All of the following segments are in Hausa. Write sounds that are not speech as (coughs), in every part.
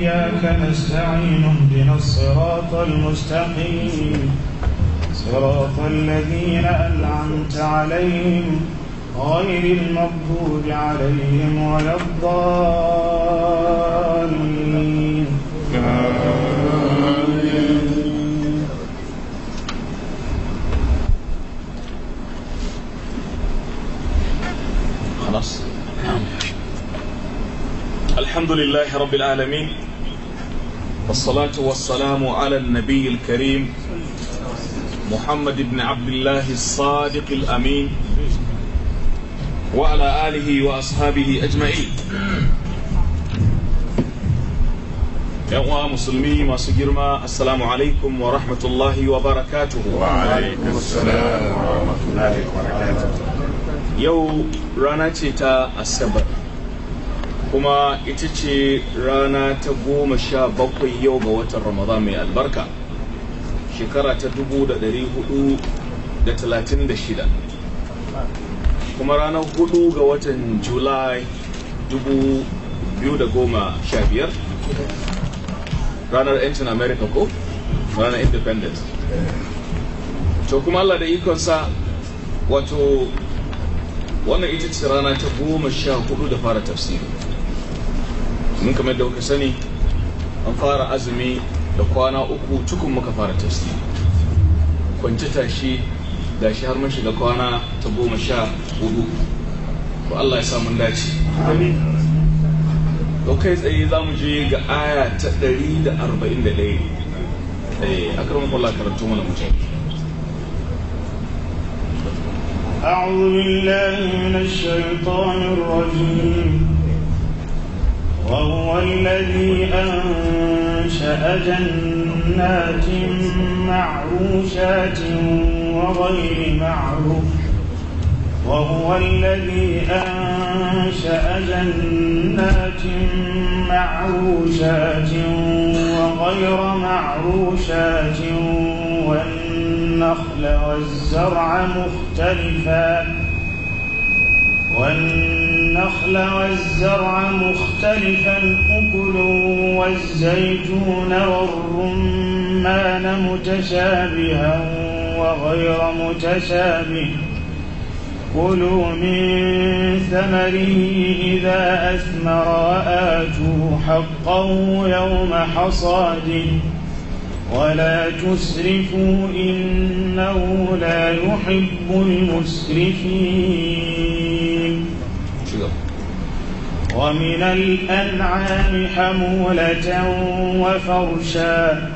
إياك نستعين اهدنا الصراط المستقيم صراط الذين أنعمت عليهم غير المغضوب عليهم ولا الضالين خلاص الحمد لله رب العالمين والصلاة والسلام على النبي الكريم محمد بن عبد الله الصادق الأمين وعلى آله وأصحابه أجمعين يا مسلمي ما سجرما السلام عليكم ورحمة الله وبركاته وعليكم السلام ورحمة الله وبركاته يو راناتي تا السبب kuma ita ce rana ta goma sha bakwai yau ga watan ramadan mai albarka shekara ta dubu da dari hudu da talatin da shida kuma ranar hudu ga watan julai dubu biyu da goma sha biyar ranar 'yancin america ko ranar independence to kuma allah da ikonsa wato wannan ita ce rana ta goma sha hudu da fara tafsiri mun kamar da kuka sani an fara azumi da kwana uku tukun muka fara tasiri kwanci tashi da shi har mun shiga kwana ta goma sha hudu ko Allah ya samu dace da to kai tsaye za mu je ga aya ta 141 a akramu Allah karatu mana mu أعوذ بالله من الشيطان الرجيم وهو الذي أنشأ جنات معروشات وغير معروف وهو الذي أنشأ جنات معروشات وغير معروشات والنخل والزرع مختلفا والنخل والنخل والزرع مختلفا أكله والزيتون والرمان متشابها وغير متشابه كلوا من ثمره إذا أثمر وآتوا حقه يوم حصاده ولا تسرفوا إنه لا يحب المسرفين ومن الأنعام حمولة وفرشا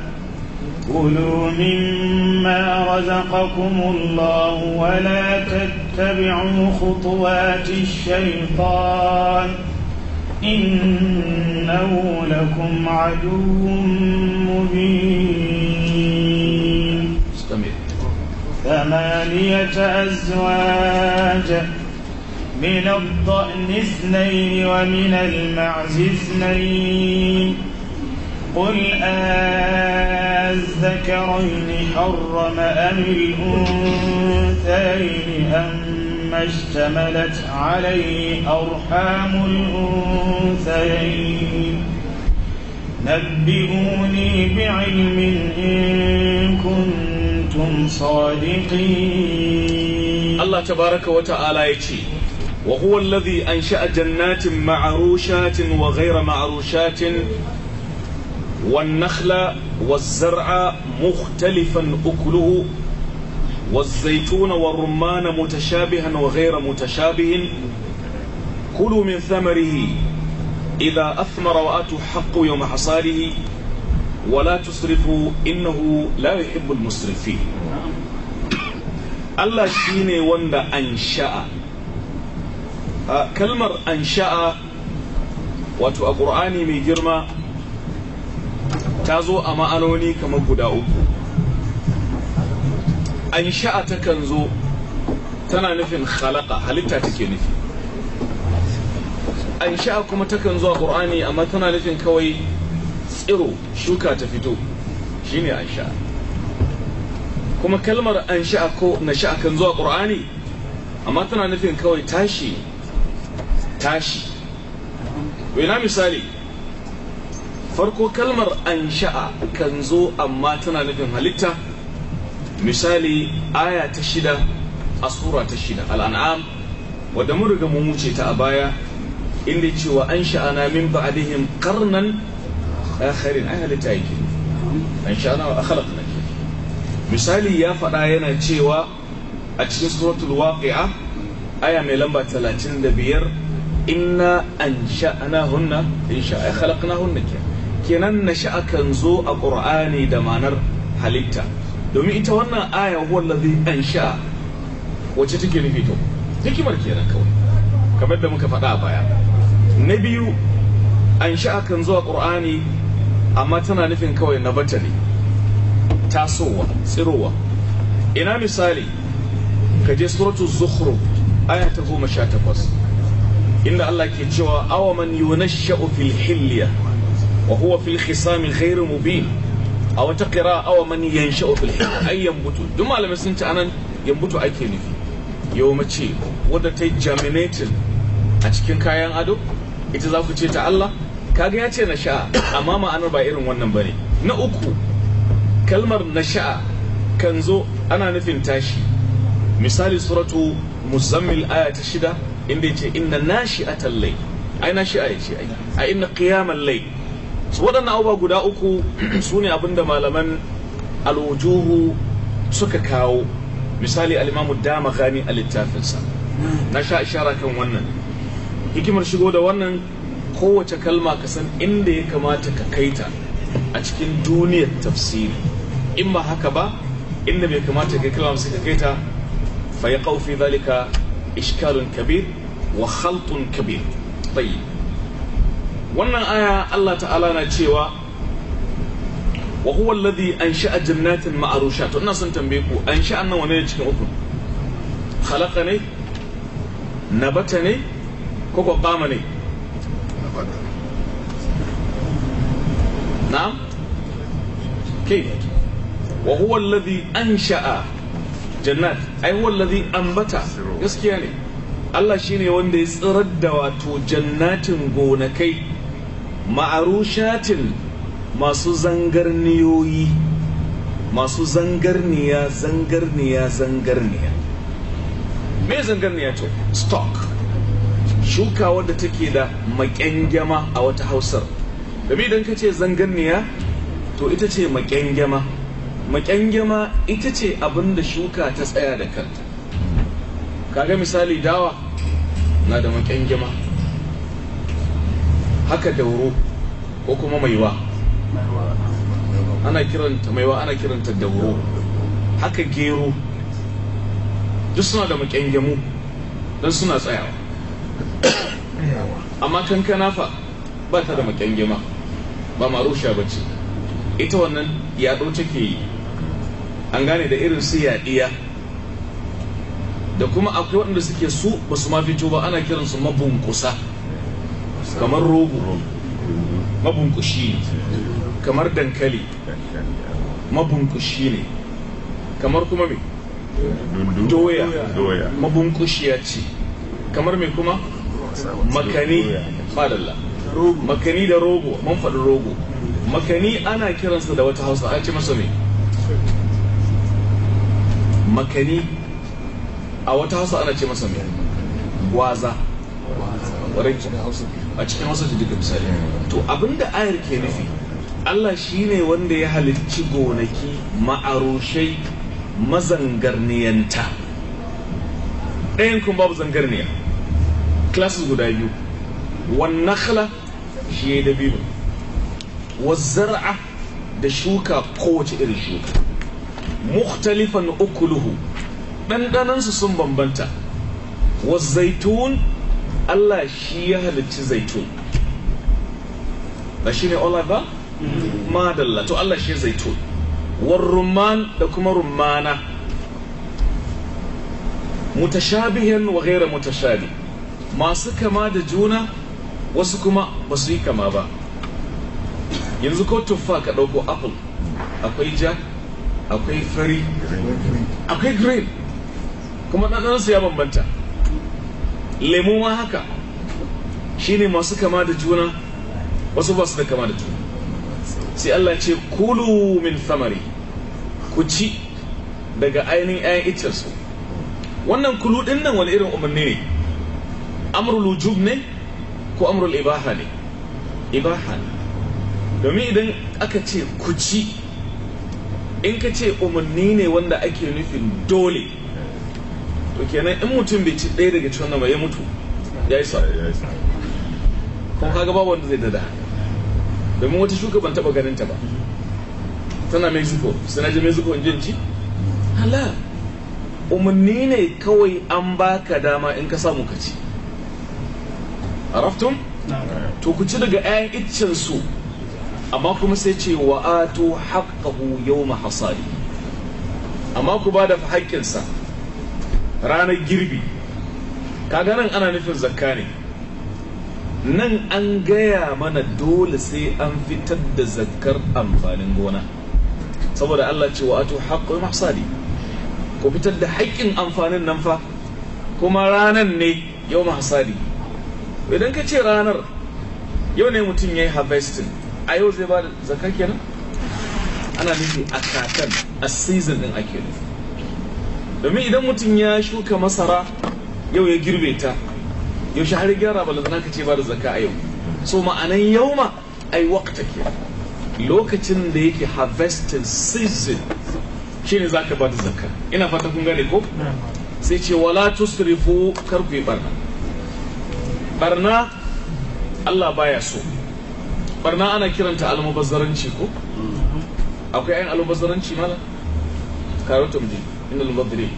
كلوا مما رزقكم الله ولا تتبعوا خطوات الشيطان إنه لكم عدو مبين ثمانية أزواج من الضأن اثنين ومن المعز اثنين قل أذكرين حرم أم الأنثيين أم اشتملت عليه أرحام الأنثيين نبئوني بعلم إن كنتم صادقين الله تبارك وتعالى يتشي وهو الذي أنشأ جنات معروشات وغير معروشات والنخل والزرع مختلفا أكله والزيتون والرمان متشابها وغير متشابه كلوا من ثمره إذا أثمر وآتوا حقه يوم حصاده ولا تسرفوا إنه لا يحب المسرفين الله شيني وند أنشأ kalmar ansha'a wato a ƙur'ani mai girma ta zo a ma'anoni kamar guda uku ta kan zo tana nufin halaka halitta take nufi sha'a kuma ta kan zo a ƙur'ani amma tana nufin kawai tsiro shuka ta fito shine ansha'a kuma kalmar ansha'a ko na sha'a kan zo a ƙur'ani amma tana nufin kawai tashi tashi ina misali farko kalmar ansha'a kan zo amma tana nufin halitta misali aya ta shida a tsura ta shida al'an'am wadda mun riga mun wuce ta a baya inda cewa an na min karnan a harin an halitta yake an sha'ana wa ke. misali ya faɗa yana cewa a cikin suratul waqi'a aya mai lamba biyar. inna an sha'anahunna in sha'a khalaqnahunna kenan nasha'a kan zo a qur'ani da ma'anar halitta domin ita wannan aya huwa allazi an sha'a wacce take nufi to hikimar kenan kawai kamar da muka faɗa a baya na biyu an sha'a kan zo a qur'ani amma tana nufin kawai na batali tasowa tsirowa ina misali ka je suratul zukhruf aya ta goma sha takwas inda Allah ke cewa awa man yunashsha'u fil hilya wa huwa fil khisami ghairu mubin a wata qira awa man yansha'u fil hilya ay yambutu duk malamai sun ci anan yambutu ake nufi yau mace wadda ta germinating. a cikin kayan ado ita za ku ce ta Allah kaga ya ce na sha'a amma ma'anar ba irin wannan bane na uku kalmar na sha'a kan zo ana nufin tashi misali suratu muzammil aya ta shida inda ya ce inna nashi'atal layl ai ya ce a inna qiyamal lai. su waɗannan abubuwa guda uku (clears throat) su ne abinda malaman alwujuhu suka kawo misali alimamu dama gani a littafinsa na sha ishara kan wannan hikimar shigo da wannan kowace kalma ka san inda ya kamata ka kai ta a cikin duniyar tafsiri in ba haka ba inda bai kamata ka kalma suka ka kaita fa ya zalika إشكال كبير وخلط كبير طيب wannan aya Allah ta'ala na cewa wa huwa alladhi ansha'a jannatin ma'arusha to ina son tambaye ku ansha'a nan wane ne cikin uku khalaqa ne nabata ne ko ko qama ne na'am كيف وهو الذي أنشأ jannat ai wallazi ambata gaskiya ne Allah shine wanda ya tsirar da wato jannatin gonakai ma'arushatin masu zangarniyoyi masu zangarniya zangarniya zangarniya me zangarniya to stock shuka wadda take da makyangyama a wata hausar domin idan ka ce zangarniya to ita ce makyangyama maƙyangyama ita ce abin da shuka ta tsaya da kanta kaga misali dawa na da maƙyangyama haka dauro ko kuma maiwa ana kiranta maiwa ana kiranta dauro haka gero duk suna da maƙyangyamu don suna tsayawa (coughs) amma kankana fa ba ta da maƙyangyama ba rusha ba ce ita wannan yaɗo take yi an gane da irin su yaɗiya da kuma akwai waɗanda suke su ba su ma fito ba ana su mabunkusa kamar rogo mabunkushi ne kamar dankali mabunkushi ne kamar kuma me doya mabunkushiya ce kamar me kuma makani fadalla makani da rogo man faɗi rogo makani ana kiransa da wata hausa a ce masa me makani a wata hausa ana ce masa mai gwaza a cikin hausa ta duka misali to abinda ayar ke nufi Allah shi ne wanda ya halicci gonaki ma'arushai mazangarniyanta ɗayan kun babu zangarniya classes guda biyu wannakla shi ya yi dabino wazzar'a da shuka kowace irin shuka mukhtalifan ukuluhu ɗanɗanansu sun bambanta Wa zaitun Allah shi ya halicci zaitun ba shi ne olive ba? madalla to Allah shi zaitun war rumman da kuma rummana mutashabihin wa gaira mutashabi masu kama da juna wasu kuma ba su yi kama ba yanzu ko tuffa ka ɗauko apple akwai ja akwai fari akwai grape kuma ɗanɗansu ya bambanta lemu ma haka shine masu kama da juna wasu ba su da kama da juna sai Allah ce kulu min samari ku ci daga ainihin 'ya'yan icciyarsu wannan kulu ɗin nan wani irin umarni ne amrul wujub ne ko amrul ibaha ne ibaha ne domin idan aka ce ku ci in ka ce umarni ne wanda ake nufin dole to kenan in mutum bai ci ɗaya daga cikin ba ya mutu ya yi sa'a kuma kaga babu wanda zai dada domin wata shuka ban taɓa ganin ta ba tana mexico sai na je zuko in jin ci hala umarni ne kawai an baka dama in ka samu ka ci raftun to ku ci daga 'ya'yan iccen su amma kuma sai ce wa atu yau yawma hasari amma ku ba da haƙƙinsa ranar girbi kaga nan ana nufin zakka ne nan an gaya mana dole sai an fitar da zakkar amfanin gona saboda Allah ce wa atu yau mahsadi ku fitar da haƙƙin amfanin nan fa kuma ranar ne yau hasari idan ka ce ranar yau ne mutum ya yi harvesting a yau zai ba da zaka kenan ana nufi a kakan a season din ake nufi domin idan mutum ya shuka masara yau ya girbe ta yau shi har gyara ba lantana ka ce ba da zaka a yau so ma'anan yau ma ai wakta ke lokacin da yake harvesting season ne za ka ba da zaka ina fata kun gane ko sai ce wala tusrifu kar ku barna barna Allah baya so barna ana kiranta almubazzaranci ko akwai ayin almubazzaranci mala karanta mu inna al-mubazzirin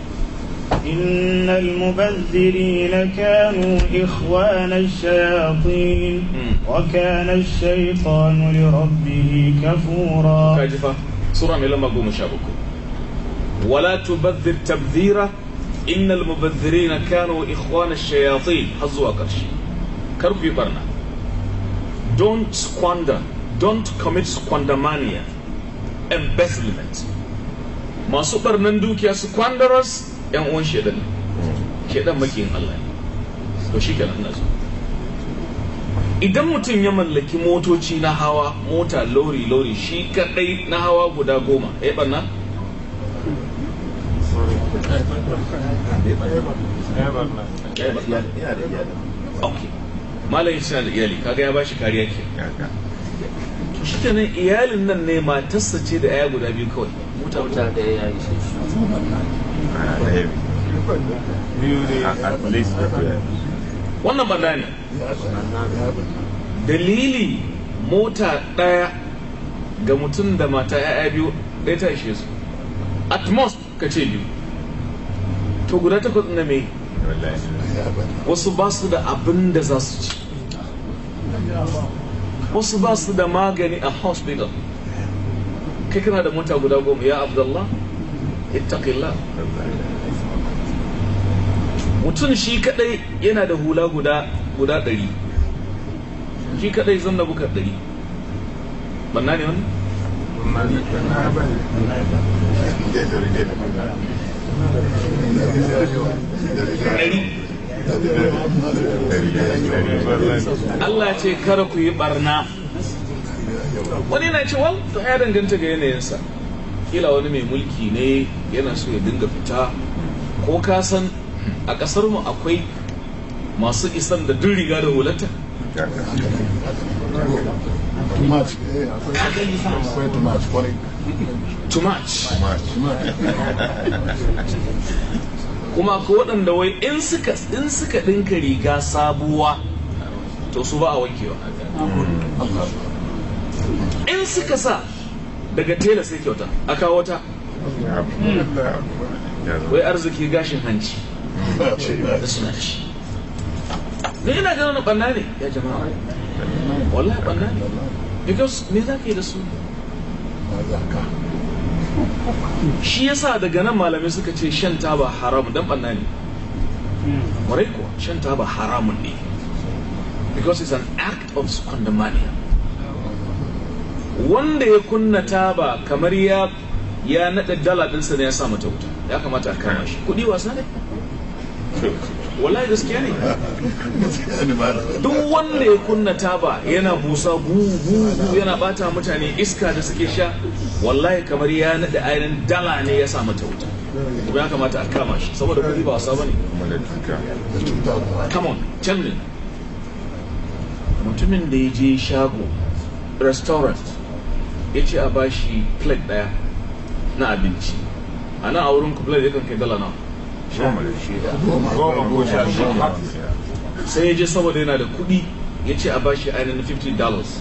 إن المبذرين كانوا إخوان الشياطين وكان الشيطان لربه كفورا كاجفة سورة ملما قوم شابكم ولا تبذر تبذيرا إن المبذرين كانوا إخوان الشياطين حظوا أكرش كربي برنا Don't squander. Don't commit squandermania, embezzlement. Masu ɓarnan dukiya squanderers ‘yan uwan shedan. Shedan makiyin Allah ne. To shi kenan na zo. Idan mutum ya mallaki motoci na hawa, mota lori lori shi kaɗai na hawa guda goma, ya eh, ɓarna? Eh, eh, okay. malamin suna da iyali kaga ya bashi kariya ke to shi nan iyalin nan ne matarsa ce da ya guda biyu kawai mota mota da ya yi shi ah, wannan banda ne dalili mota ɗaya ga mutum da mata ya biyu ɗaya ta ishe su at most ka ce biyu to guda takwas na mai wasu ba su da abin da za su ci wasu ba su da magani a hospital kai kana da mota guda goma ya abdullah ittaqillah mutum shi kadai yana da hula guda guda dari shi kadai zan da bukar dari banna ne wani? Allah ce kar ku yi barna wani na ce wal to ya danganta ga yanayinsa kila wani mai mulki ne yana so ya dinga fita ko ka san a ƙasar mu akwai masu isan da duk riga da hulata too much (laughs) kuma ko waɗanda wai in suka in suka ɗinka riga sabuwa to su ba a wankewa in suka sa daga tela sai kyauta a kawo ta wai arziki gashin hanci Ni suna ci ne ina ganin ɓanna ne ya jama'a wallahi ɓanna ne because me za ka yi da su shi yasa daga nan malamai suka ce shan taba haramun dan banna ne warai kuwa shan taba haramun ne because it's an act of scondamania wanda ya kunna taba kamar ya ya naɗa dala ɗinsa ne ya sa mata wuta ya kamata a kama shi kuɗi wasa ne wallahi gaskiya ne (laughs) duk wanda ya kunna taba yana busa gugu yana bata mutane iska da suke sha wallahi kamar ya nada ainihin dala ne ya sa mata wuta kuma ya kamata a kama shi saboda kudi ba wasa bane come on mutumin da ya je shago restaurant ya ce a bashi plate ɗaya na abinci a nan a wurin ku plate yakan kai dala nawa sai ya je saboda yana da kuɗi ya ce a bashi ainihin 50 dollars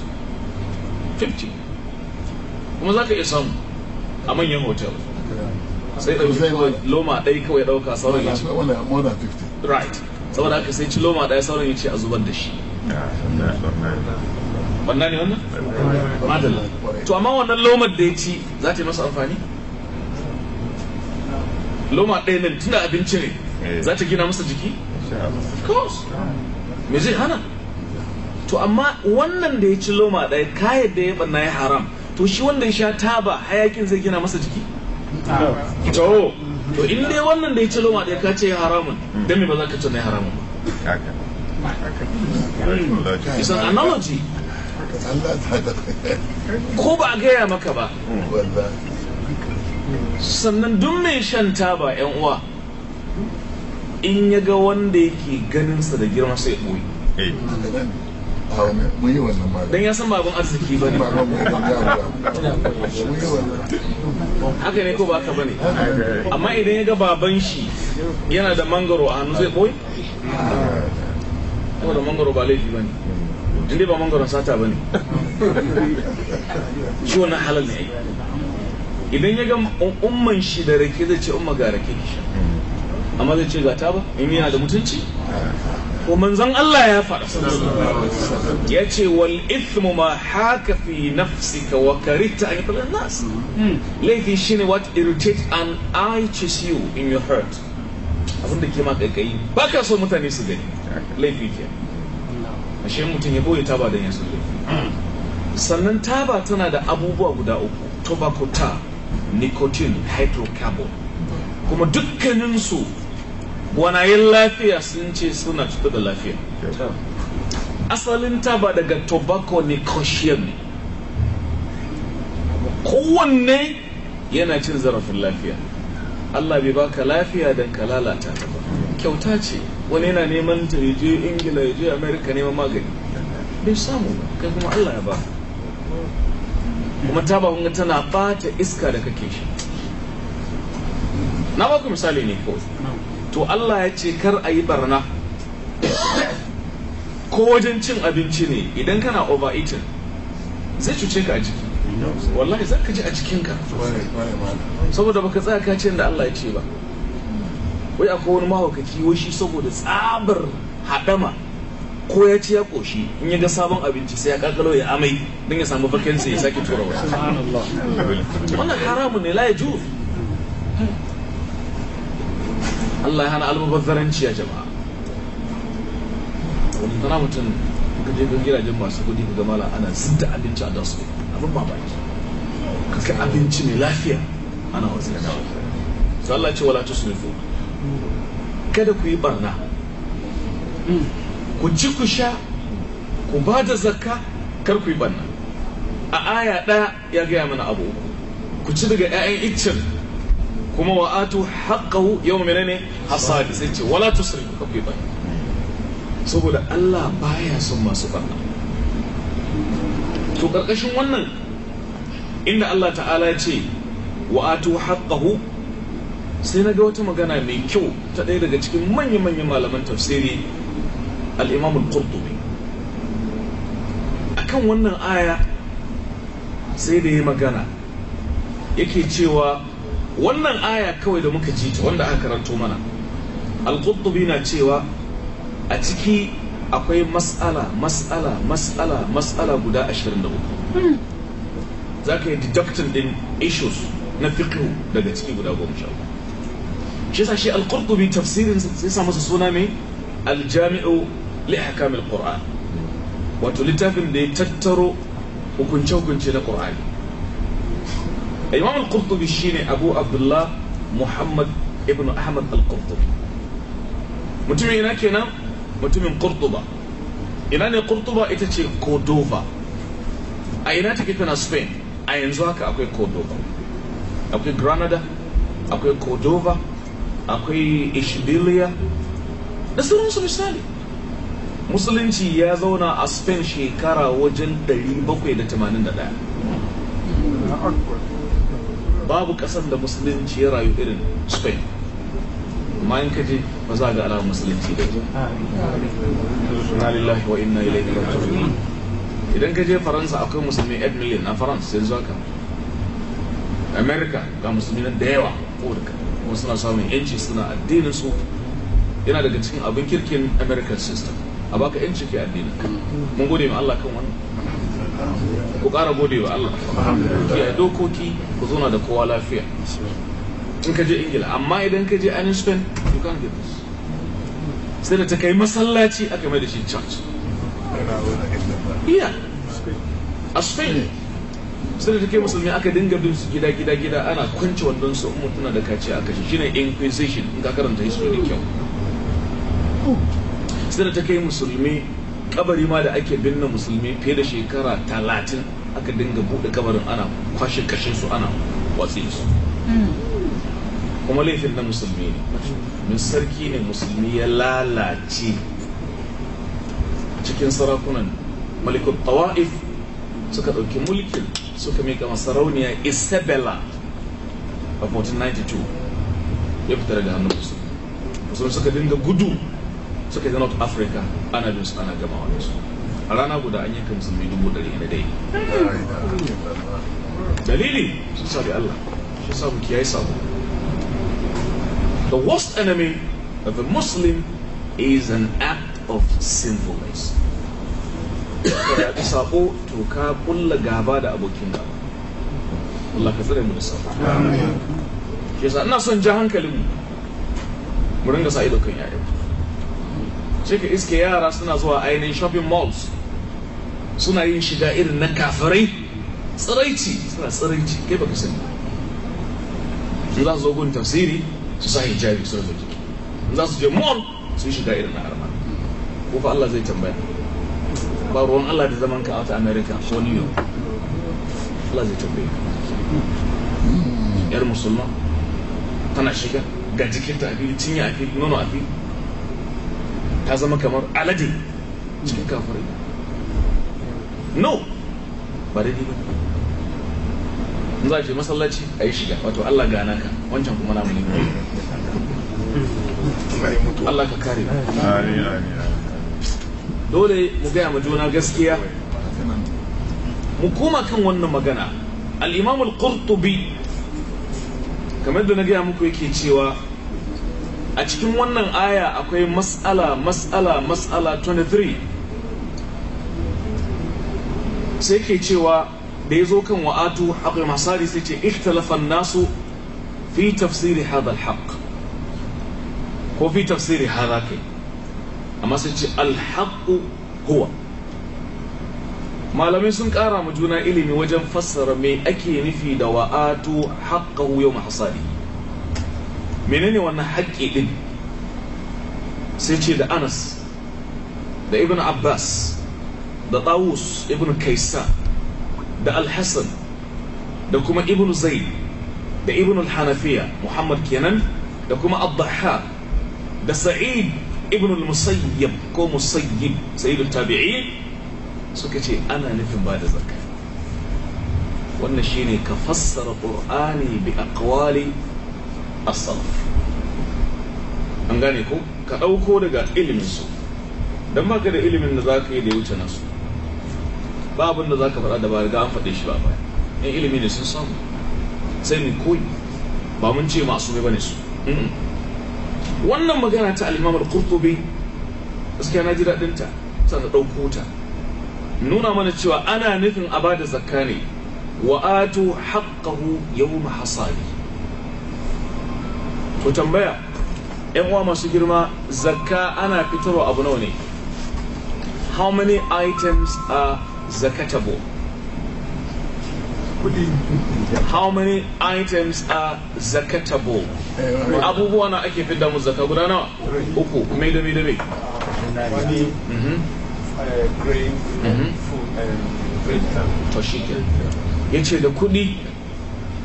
50 kuma za ka iya samu a manyan hotel sai ɗauki loma ɗai kawai ɗauka sauran ya ce right saboda haka sai ci loma ɗai sauran ya ce a zubar da shi wannan ne wannan? madalla to amma wannan lomar da ya ci za ta yi masa amfani? loma ɗaya nan tunda abinci ne eh. za ta gina masa jiki of me zai hana to amma wannan da ya ci loma ɗaya kayan da ya banna ya haram to shi wanda ya sha taba hayakin zai gina masa jiki to to in dai wannan da ya ci loma ɗaya ka ce ya haramun don me ba za ka ce na haramun ba It's an analogy. ko ba a gaya maka ba hmm. sannan duk mai shan taba yan uwa in ya ga wanda yake ganin sa da girma sai ɓoye eh. don ya san babin arziki ba ne haka ne ko ba ka ba ne amma idan ya ga baban shi yana da mangaro a hannu zai ɓoye kuma da mangaro ba laifi ba ne inda ba mangaron sata ba ne ciwon na halal ne idan ya ga um, umman shi da rake zai ce umma ga rake ki sha amma zai ce ga ta ba in yana da mutunci ko manzon Allah ya faɗa ya ce wal ithmu ma haka fi nafsika wa karita an yaqul nas laifi shine what irritate to see you in your heart abin da ke ma Ba baka so mutane su gani laifi ke ashe mutum ya boye taba da yasu laifi sannan taba tana da abubuwa guda uku tobacco tar nicotine hydrocarbon kuma dukkaninsu wanayin lafiya sun ce suna cutar da lafiya asalin ta ba daga tobacco nicotian ne kowanne yana cin zarafin lafiya Allah bai baka lafiya don ka lalata ta ba kyauta ce wani yana neman ta je ingila ya je amerika neman magani bai samu ba kai kuma Allah ya baka kuma taba kun tana bata iska da kake shi na baku misali ne ko to Allah ya ce kar a yi barna ko wajen cin abinci ne idan kana eating zai cuce ka a jiki wallahi za ka ji a cikinka saboda baka tsaya ka ce da Allah ya ce ba wai akwai wani mahaukaci washi saboda tsabar hadama ko ya ci ya koshi in ya ga sabon abinci sai ya kakalo ya amai don ya samu bakin sai ya sake tura wasu wannan haramun ne laye ya ju Allah ya hana almubazzaranci ya jama'a wani tana mutum ka je ga gidajen masu kudi ga gamala ana zinta abinci a dasu abin ba ka kaka abinci mai lafiya ana wasu ya dawo sai Allah ce wala tusrifu kada ku yi barna ku ci ku sha ku ba da zakka kar ku yi banna a aya ɗaya ya gaya mana abu ku ci daga 'ya'yan iccen kuma wa atu haqqahu yau menene hasadi sai ce wala tusri kar ku yi banna saboda Allah baya son masu banna to karkashin wannan inda Allah ta'ala ya ce wa atu haqqahu sai na ga wata magana mai kyau ta ɗaya daga cikin manya-manyan malaman tafsiri al-imam a kan wannan aya sai da ya magana yake cewa wannan aya kawai da muka ji ta wanda aka karanto mana al qutubi na cewa a ciki akwai mas'ala mas'ala mas'ala mas'ala guda 23 za ka yi deductin din issues na fiqhu daga ciki guda goma shi yasa shi al qutubi tafsirin sai sa masa suna mai al-jami'u li hakamil qur'an wato littafin da ya tattaro hukunce-hukunce na qur'ani imam al-qurtubi muhammad ibn ahmad al-qurtubi mutumin ina kenan mutumin qurtuba ina ne qurtuba ita ce cordova a ina take tana spain a yanzu aka akwai cordova akwai granada akwai cordova akwai ishbiliya da misali musulunci ya zauna a spain shekara wajen 781 babu kasan da musulunci ya rayu irin spain ma yin kaji ba za ga alamar musulunci da na lillahi wa inna ilaihi raji'un idan ka je faransa akwai musulmi 8 million na faransa zuwa ka america ga musulmi da yawa ko kuma suna samun yanci suna addinin su yana daga cikin abin kirkin american system a baka yancin a addini mun gode ma Allah kan wannan ku ƙara gode wa Allah kiyaye dokoki ku zauna da kowa lafiya in ka je ingila amma idan ka je anin spain you can't get this sai da ta kai masallaci aka mai da shi church iya a spain sai da ta kai musulmi aka dinga bin su gida gida gida ana kwanci wandon su mutuna da kaciya aka shi shine inquisition in ka karanta history da kyau sai da ta kai musulmi kabari ma da ake binne musulmi fiye da shekara talatin aka dinga buɗe kabarin ana kwashe kashin su ana watsi su kuma laifin na musulmi ne min sarki ne musulmi ya lalace cikin sarakunan malikul tawa'if suka ɗauki mulkin suka mika masarauniya isabella a 1492 ya fita daga hannun musulmi musulmi suka dinga gudu suka africa ana jin ana su a rana guda an yanka musulmi dubu ɗari na dai dalili sun sabi allah shi sa the worst enemy of a muslim is an act of sinfulness sabo to ka kulla gaba da abokin gaba Allah ka tsare mu da sabo shi yasa ina son ja hankalin mu mu ringa sa ido kan yayin sai ka iske yara suna zuwa ainihin shopping malls suna yin shiga irin na kafirai tsiraici suna tsiraici kai baka sani su za su zo gun tafsiri su sa hijabi su rufe jiki za su je mall su shiga irin na arma ko fa Allah zai tambaya ba ruwan Allah da zaman ka a wata America ko New York Allah zai tambaya yar musulma tana shiga ga jikinta a fili cinya a fili nono a fili ta zama kamar alade cikin hmm. kafirai no ba daidai ba in za a je masallaci a yi shiga wato Allah gana ka wancan kuma namu ne Allah ka kare dole mu gaya ma juna gaskiya mu koma kan wannan magana al-imam qurtubi kamar da na gaya muku yake cewa a cikin wannan aya akwai matsala matsala matsala 23 sai ke cewa da ya zo kan wa'atu haƙar masari sai ce ikhtalafan nasu fi tafsiri hada alhaq ko fi tafsiri hada kai amma sai ce alhaqu huwa malamai sun ƙara ma juna ilimi wajen fassara me ake nufi da wa'atu haƙƙahu yau mahasari menene wannan haƙƙi din sai ce da anas da ibn abbas da ɗawus ibn kaisa da alhassan da kuma ibn zaid da ibn hanafiya muhammad kenan da kuma abdaha da sa'id ibn musayyab musayyib ko musayyib sa'id tabii suka ce ana nufin ba da zakka wannan shine ka fassara qur'ani bi aqwali as-salaf an gane ko ka ɗauko daga ilimin su dan ka da ilimin da zaka yi da ya wuce nasu ba abin da zaka faɗa da ba ga an faɗe shi ba baya in ilimi ne sun samu sai ni koyi ba mun ce masu ne bane su wannan magana ta al-Imam al-Qurtubi gaskiya na ji daɗin ta sai ta ɗauko ta nuna mana cewa ana nufin a bada zakka ne wa atu haqqahu yawma hasadi ku tambaya yan uwa masu girma zakka ana fitarwa abu nawa ne how many items are zakatable how many items are zakatable abubuwa na ake fidda mu zakka guda nawa uku mai da mai da mai mhm. eh, mhm. ya ce da kudi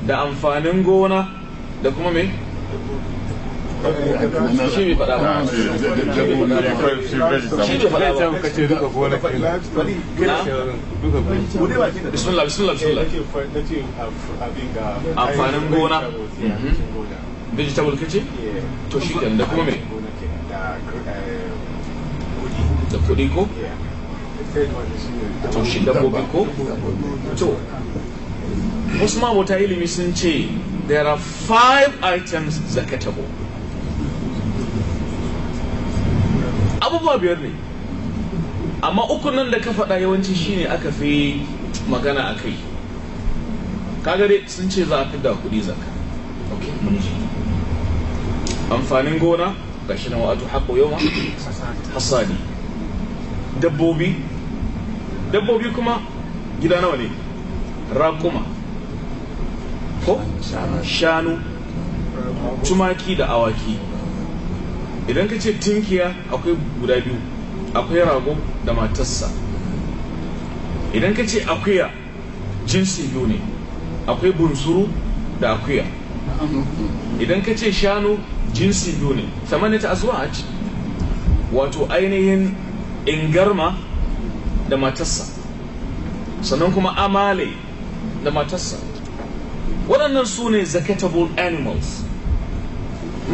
da amfanin gona da kuma mai. shi ne faɗa bismillah bismillah vegetable da kuma da ko to shi dabbobi ko to wasu ilimi sun ce there are five items zakatable abubuwa biyar ne amma uku nan da ka faɗa yawanci shine aka fi magana a kai kaga dai sun ce za a fi da kuɗi zaka amfanin gona ga shi na wato haƙo yau hasali dabbobi dabbobi kuma gida nawa ne raƙuma ko shanu tumaki da awaki idan ka ce tinkiya akwai guda biyu akwai rago da matarsa idan ka ce akuya jinsi biyu ne akwai bunsuru da akuya idan ka ce shanu jinsi biyu ne ta a ci wato ainihin ingarma da matarsa sannan kuma amale da matarsa waɗannan su ne zakatable animals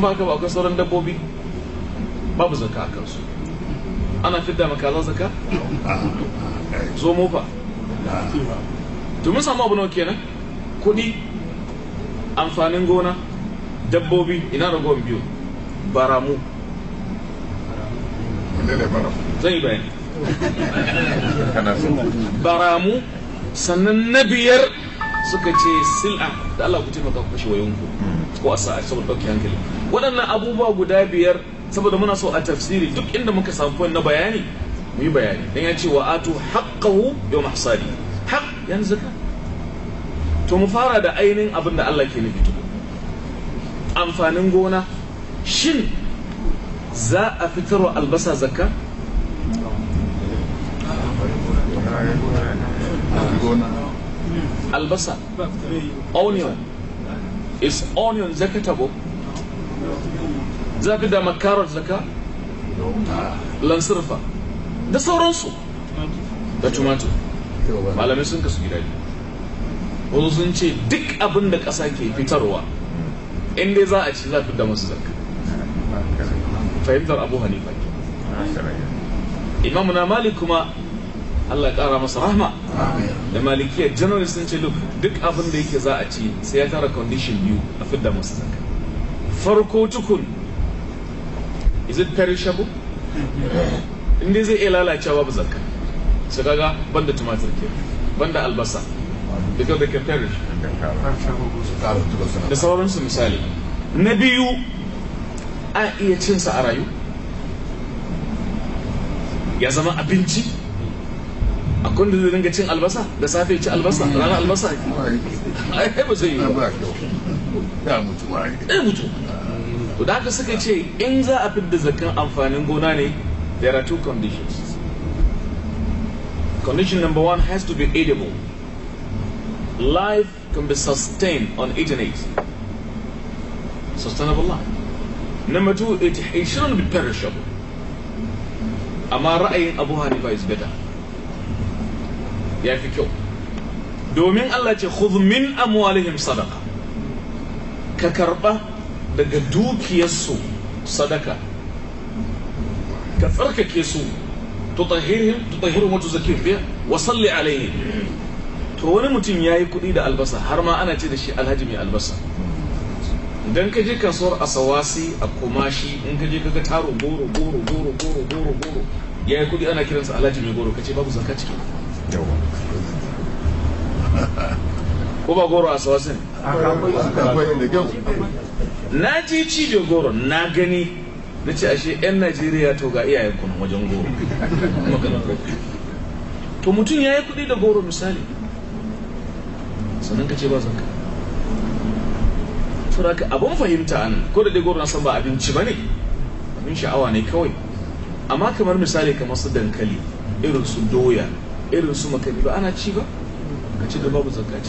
ba ka ba akwai sauran dabbobi babu zaka a kansu ana fidda makaza zaka zo mofa to mun samu abu nawa kenan Kudi amfanin gona dabbobi ina da goma biyu baramu zan yi bayani baramu sannan na biyar suka ce sil'a da Allah ku taimaka ku kashe wayonku ko a sa'a saboda ɗauki hankali waɗannan abubuwa guda biyar saboda muna so a tafsiri duk inda muka samu point na bayani mu yi bayani dan ya ce wa atu haqqahu yawm hasadi haq yan zaka to mu fara da ainihin abin da Allah ke nufi amfanin gona shin za a fitar wa albasa zakka albasa onion is onion zakatable za ka dama carrot zaka lansirfa da sauransu da tumatu malamai sun kasu gida ne wasu sun ce duk abin da ƙasa ke fitarwa in dai za a ci za da masu zaka fahimtar abu hanifa ke imamu na malik kuma Allah ƙara masa rahma da malikiyar janar sun ce duk abin da yake za a ci sai ya tara condition biyu a fidda masu zaka farko tukun is it perishable in dai zai iya lalacewa ba zakka su kaga banda tumatir ke banda albasa because they can perish da sauransu misali na biyu a iya cin sa a rayu ya zama abinci a kundin zai dinga cin albasa da safe ci albasa rana albasa ai ba zai yi ba ya mutu ba ya mutu to da haka suka ce in za a fidda zakan amfanin gona ne there are two conditions condition number one has to be edible life can be sustained on eating it sustainable life number two it, it shouldn't be perishable amma ra'ayin abu hanifa is better ya fi kyau domin allah ce khudh min amwalihim sadaqa ka karba daga dukiyarsu sadaka ka tsarkake su tutahhirhum tutahhiru wato tuzakkihim biya wa salli to wani mutum ya yi kuɗi da albasa har ma ana ce da shi alhaji mai albasa idan ka je kasuwar asawasi a kumashi in ka je kaga taro goro goro goro goro goro goro yi kuɗi ana kiransa alhaji mai goro kace babu zakka ciki ko ba goro asawasi ne akwai na je cijo goro na gani na ce ashe 'yan najeriya to ga iyayen kuna wajen goro to mutum ya yi kudi da goro misali sannan ka ce ba zanka ka abin fahimta an ko da dai goro na san ba abinci ba ne abin sha'awa ne kawai amma kamar misali kamar su dankali irin su doya irin su makani ba ana ci ba ka ci da babu zakka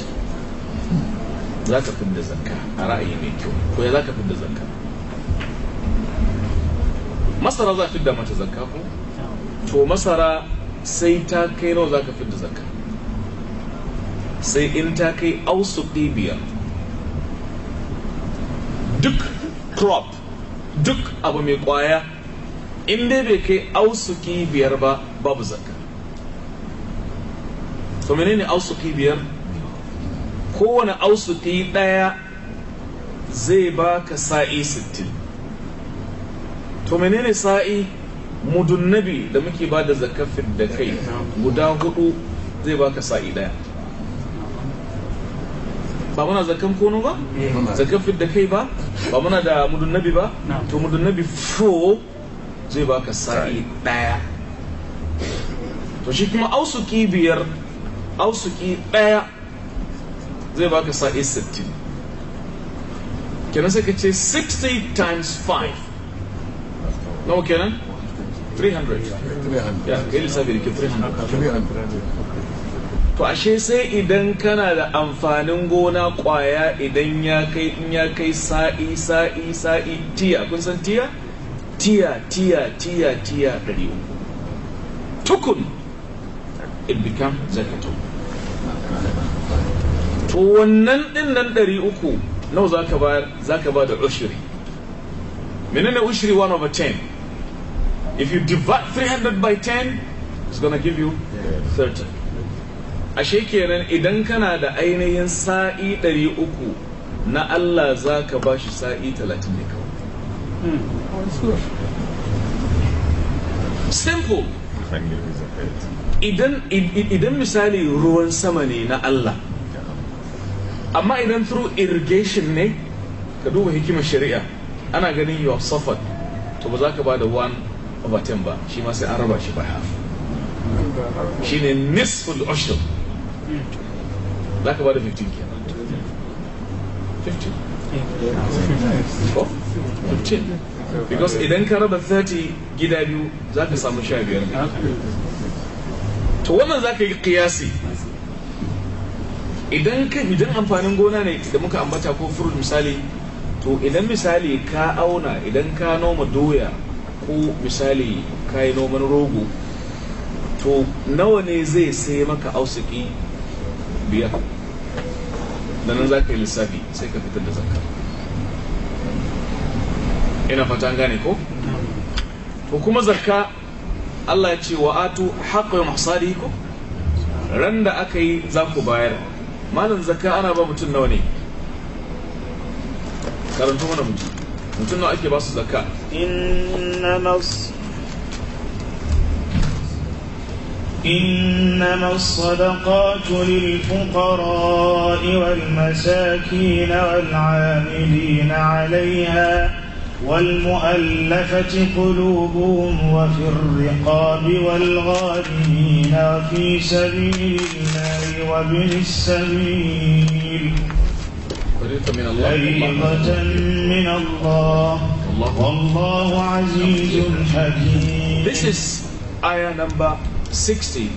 za fin fidda zanka a ra'ayi mai kyau ko ya za ka fidda zanka masara za fi fidda mata zanka ko to masara sai ta kai nawa za ka fidda zanka sai in ta kai ausu biyar duk crop duk abu mai ƙwaya in dai bai kai ausu biyar ba babu zakka to menene ausuki biyar kowane yi ɗaya zai baka sa'i sittin to menene sa'i mudun nabi da muke ba da zakafin da kai guda hudu zai baka sa'i ɗaya ba muna zakan kono ba eh. zakafin da kai ba ba muna da mudun nabi ba to mudun nabi fo zai baka sa'i ɗaya to shi kuma ausuki biyar ausuki ɗaya zai baka sa'i 60 kenan sai ka ce 60 times 5 nawa kenan 300 ya kai lissafi da ke 300 to ashe sai idan kana da amfanin gona kwaya idan ya kai in ya kai sa'i sa'i sa'i tiya kun san tiya tiya tiya tiya tiya 300 tukun it become zakatun to wannan din nan ɗari uku nawa za ka bayar ba da ushiri menene ushiri 1 over 10 if you divide 300 by 10 it's gonna give you 30 ashe kenan idan kana da ainihin sa'i 300 na Allah za ka ba shi sa'i 30 ne kawai simple idan misali ruwan sama ne na Allah amma idan through irrigation ne ka duba hikimar shari'a ana ganin yau suffered to ba za ka ba da one over ten ba shi ma sai an raba shi by half ne nisful ushr za ka ba da 15 kenan 15 15 because idan ka raba 30 gida biyu za ka samu 15 to wannan za ka yi kiyasi idan idan amfanin gona ne da muka ambata ko furut misali to idan misali ka auna idan ka noma doya ko misali ka yi noman rogo to nawa ne zai sai maka ausiki biyar da nan za ka yi lissafi sai ka fitar da zakka ina fata gane ko to kuma zakka Allah ya ce wa atu haqqo mahsari ko ran da aka yi za ku bayar مالن زكاة أنا بمتن نوني كارن تونا متن متن نو أكي باس زكاة إنما إنما الصدقات للفقراء والمساكين والعاملين عليها والمؤلفة قلوبهم وفي الرقاب والغالمين في سبيل الله وابن السبيل فريضة من الله, والله عزيز حكيم This is ayah number 60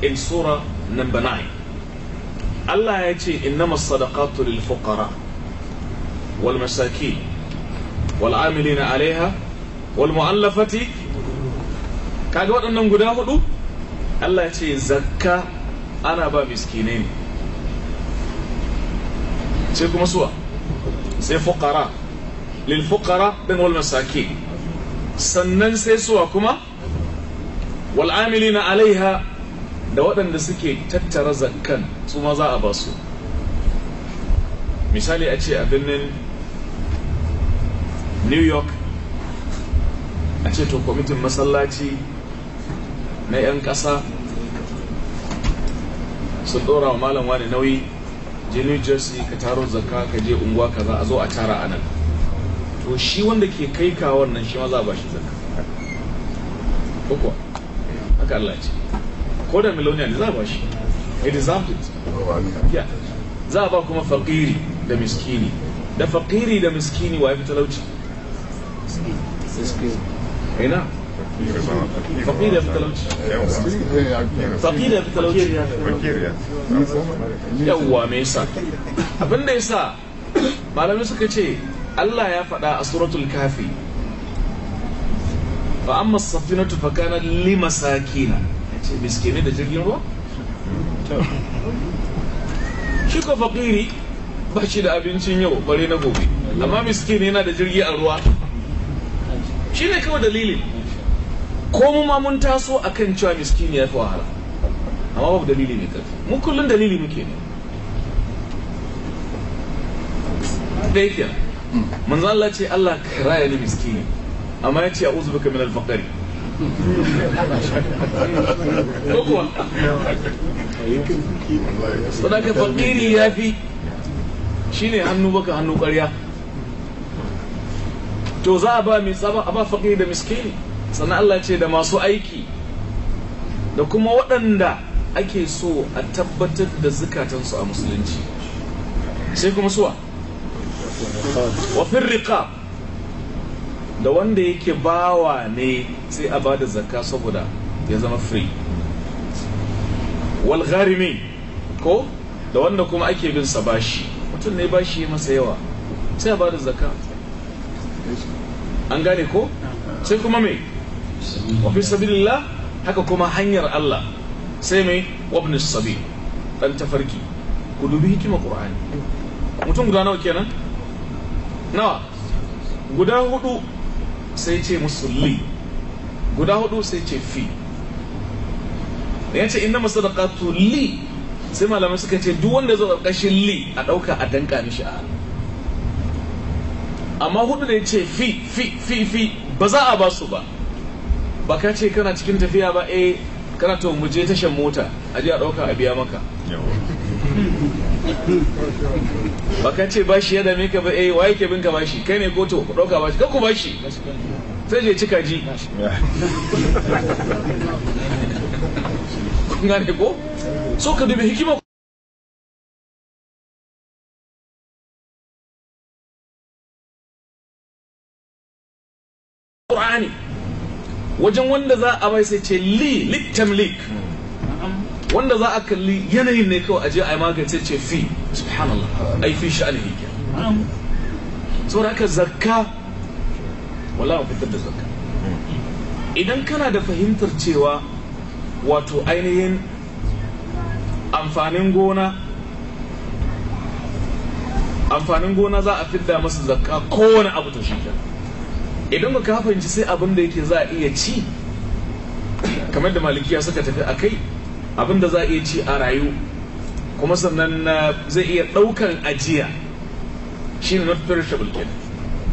in surah number 9 Allah ya ce innama sadaqatu lil fuqara wal masakin wal'amilina alaiha wal mu'allafati kaga waɗannan guda hudu Allah ya ce zakka ana ba miskinai ne sai kuma suwa sai fuqara lil fuqara din wal masaki sannan sai suwa kuma wal amilina alaiha da waɗanda suke tattara zakkan su ma za a ba su misali a ce a birnin new york a ce to kwamitin masallaci na 'yan ƙasa sun ɗora wa malam wani nauyi je new jersey ka taro zakka ka je unguwa kaza a zo a tara anan to shi wanda ke kai ka wannan shi ma za a ba shi zakka ko haka Allah ce ko da miloniya ne za a ba shi he deserved it za a ba kuma fakiri da miskini da fakiri da miskini wa ya fi talauci yawwa me yasa abin da yasa malamai suka ce Allah ya faɗa a suratul kafi fa amma safinatu fa kana limasakina ce miskini da jirgin ruwa shi ko fakiri ba shi da abincin yau bare na gobe amma miskini yana da jirgi a ruwa shi ne kawai dalilin ko mu ma mun taso kan cewa miskini ya fi wahala amma babu dalili mai karfi mu kullum dalili muke ne ɗaya kenan manzo Allah ce Allah ya ni miskini amma ya ce a uzu baka min alfaqari sadaka fakiri ya fi shine hannu baka hannu ƙarya to za a ba mai tsaba a ba faƙi da miskini sannan Allah ce da masu aiki da kuma waɗanda ake so a tabbatar da zukatansu a musulunci sai kuma suwa wafin riƙa da wanda yake bawa ne sai a ba da zakka saboda ya zama free wal ko da wanda kuma ake bin sa bashi mutum ne bashi masa yawa sai a ba da zakka an gane ko sai kuma mai wafi fi sabilillah haka kuma hanyar Allah sai mai wabnis sabi dan tafarki ku dubi hikima qur'ani mutum guda nawa kenan nawa guda hudu sai ce musulli guda hudu sai ce fi ya ce inna masadaqatu li sai malamai suka ce duk wanda zo ƙarƙashin li a ɗauka a danka mishi a amma hudu ne ya ce fi fi fi fi ba za a ba su ba ba ka ce kana cikin tafiya ba eh kana to mu je tashan mota a je a ɗauka a biya maka ba ka ce bashi ya dame ka ba eh waye ke binka bashi kai ne ko to ku ɗauka bashi ka ku bashi sai je cika ji (laughs) kun ne ko so ka dubi hikima wajen wanda za a bai sai ce li lik wanda za a kalli yanayin ne kawai aje a yi magance ce fi subhanallah ai fi sha'anihi ke saboda haka zakka wala a fitar da zakka idan kana da fahimtar cewa wato ainihin amfanin gona amfanin gona za a fidda masa zakka kowane abu to shi kenan idan ba ka fahimci sai abin da yake za a iya ci kamar da malikiya suka tafi a kai abin da za a iya ci a rayu kuma sannan zai iya ɗaukan ajiya Shi ne not perishable kid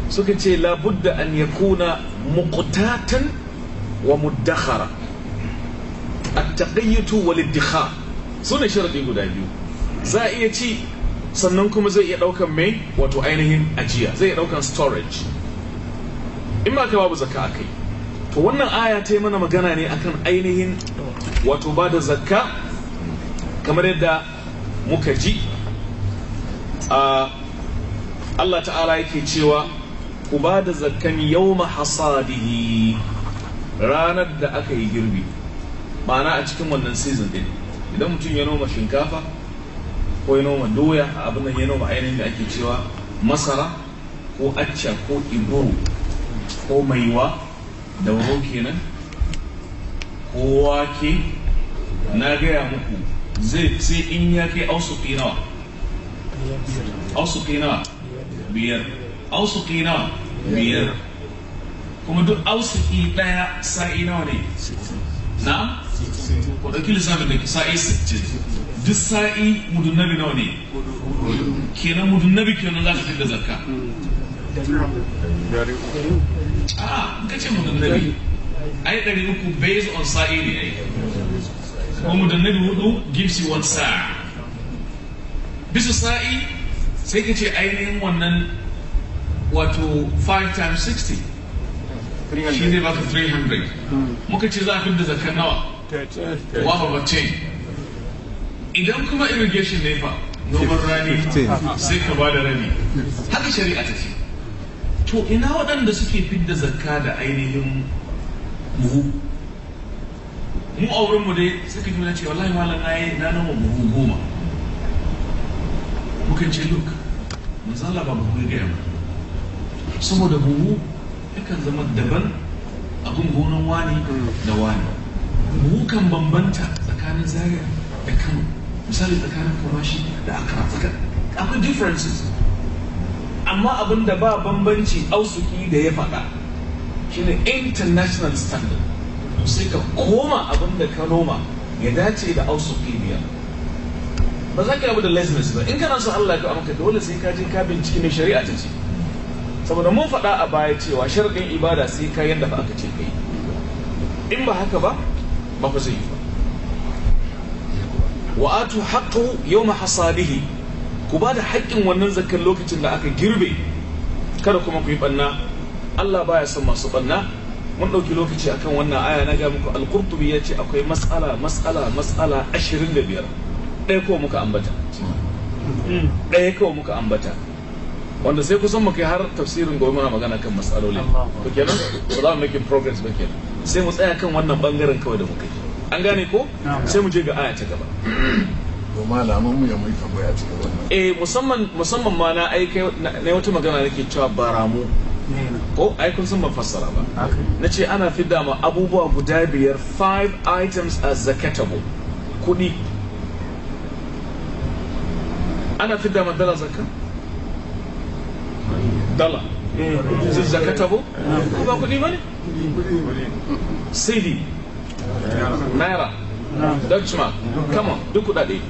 suka ce labudda an yakuna mukutatan wa muddakhara taƙayyatu wa wal Su ne sharadi guda biyu za a iya ci sannan kuma zai iya ɗaukan mai wato ainihin ajiya zai iya ɗaukan storage in ba ka babu zakka akai to wannan aya ta yi mana magana ne akan ainihin wato ba da zakka kamar yadda muka ji a Allah ta'ala yake cewa ku ba da zakkan yawma hasadihi ranar da aka yi girbi ma'ana a cikin wannan season din idan mutum ya noma shinkafa ko ya noma doya abin nan ya noma ainihin da ake cewa masara ko acca ko iburu ko mai maiwa dauro kenan ko ke na gaya muku zai sai in ya kai ausuki nawa ausuki nawa biyar ausuki nawa biyar kuma duk ki daya sa'i nawa ne na ko ɗauki lissafin da sa'i ce duk sa'i mudunnabi nawa ne kenan mudunnabi kenan za ka fi da zakka A'a ah, a ka ce mudannabi ai ɗari uku based on sa'i ne ai kuma mudannabi hudu gives you one sa'a bisa sa'i sai ka ce ainihin wannan wato 5 times 60 shi ne baka 300 hmm. muka ce za a fidda zakar nawa wafa bace idan kuma irrigation ne fa noman rani sai ka ba da rani haka shari'a ta ce to ina waɗanda suke fidda zakka da ainihin buhu mu a wurinmu dai suka ji ce wallahi malam na yi na nama buhu goma mukan ce look manzo Allah ba buhu ga gaya saboda buhu yakan zama daban abin gonan wani da wani buhu kan bambanta tsakanin zaria da kano misali tsakanin shi da akra akwai differences amma abin da ba bambanci ausuki da ya faɗa shine international standard sai ka koma abin da ka noma ya dace da ausuki biyar ba za ka abu da laziness ba in kana son Allah ka amka dole sai ka je ka bincike mai shari'a ta ce saboda mun faɗa a baya cewa sharaɗin ibada sai ka yanda ba aka ce kai in ba haka ba ba ku zai yi ba wa atu haqqu yawma hasadihi ku ba da haƙƙin wannan zakar lokacin da aka girbe kada kuma ku yi ɓanna Allah baya son masu ɓanna mun ɗauki lokaci akan wannan aya na ga muku alƙurtubi ya ce akwai matsala matsala matsala ashirin da biyar ɗaya kawai muka ambata ɗaya kawai muka ambata wanda sai kusan mu kai har tafsirin gobe muna magana kan matsaloli to kenan ba za mu make progress ba kenan sai mu tsaya kan wannan bangaren kawai da muka yi an gane ko sai mu je ga aya ta gaba malamin mu ya mai tambaya cikin wannan eh musamman musamman ma na aika na wata magana nake cewa baramu ko ai kun san ban fassara ba nace ana fidda ma abubuwa guda biyar five items as zakatable kudi ana fidda ma dala zakka dala zai eh. zakatable ko ba kudi bane cedi naira dutchman come on duk kudade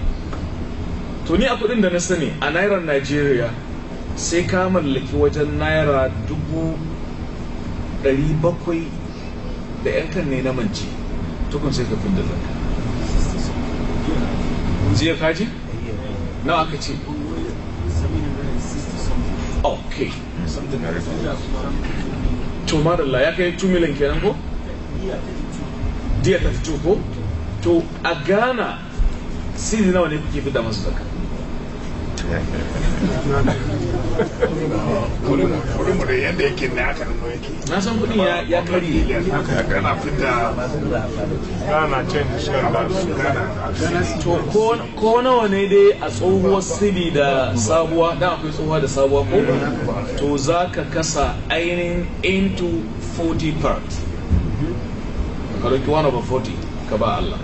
to ni a kudin da na sani a naira najeriya sai ka mallaki wajen naira dubu ɗari bakwai da yan kan ne na mance tukun sai ka da zaka jiya kaji nawa aka ce Ok. to madalla ya kai 2 million kenan ko diya 32 ko to a ghana sidi nawa ne kuke fidda masu zaka su kuɗin mu yadda yake ne aka nuno yake na san ya ya kana fita gana can shi da su gana to ko nawa ne dai a tsohuwar sili da sabuwa da akwai tsohuwa da sabuwa ko to za ka kasa ainihin into 40 parts ka ɗauki one over 40 ka ba Allah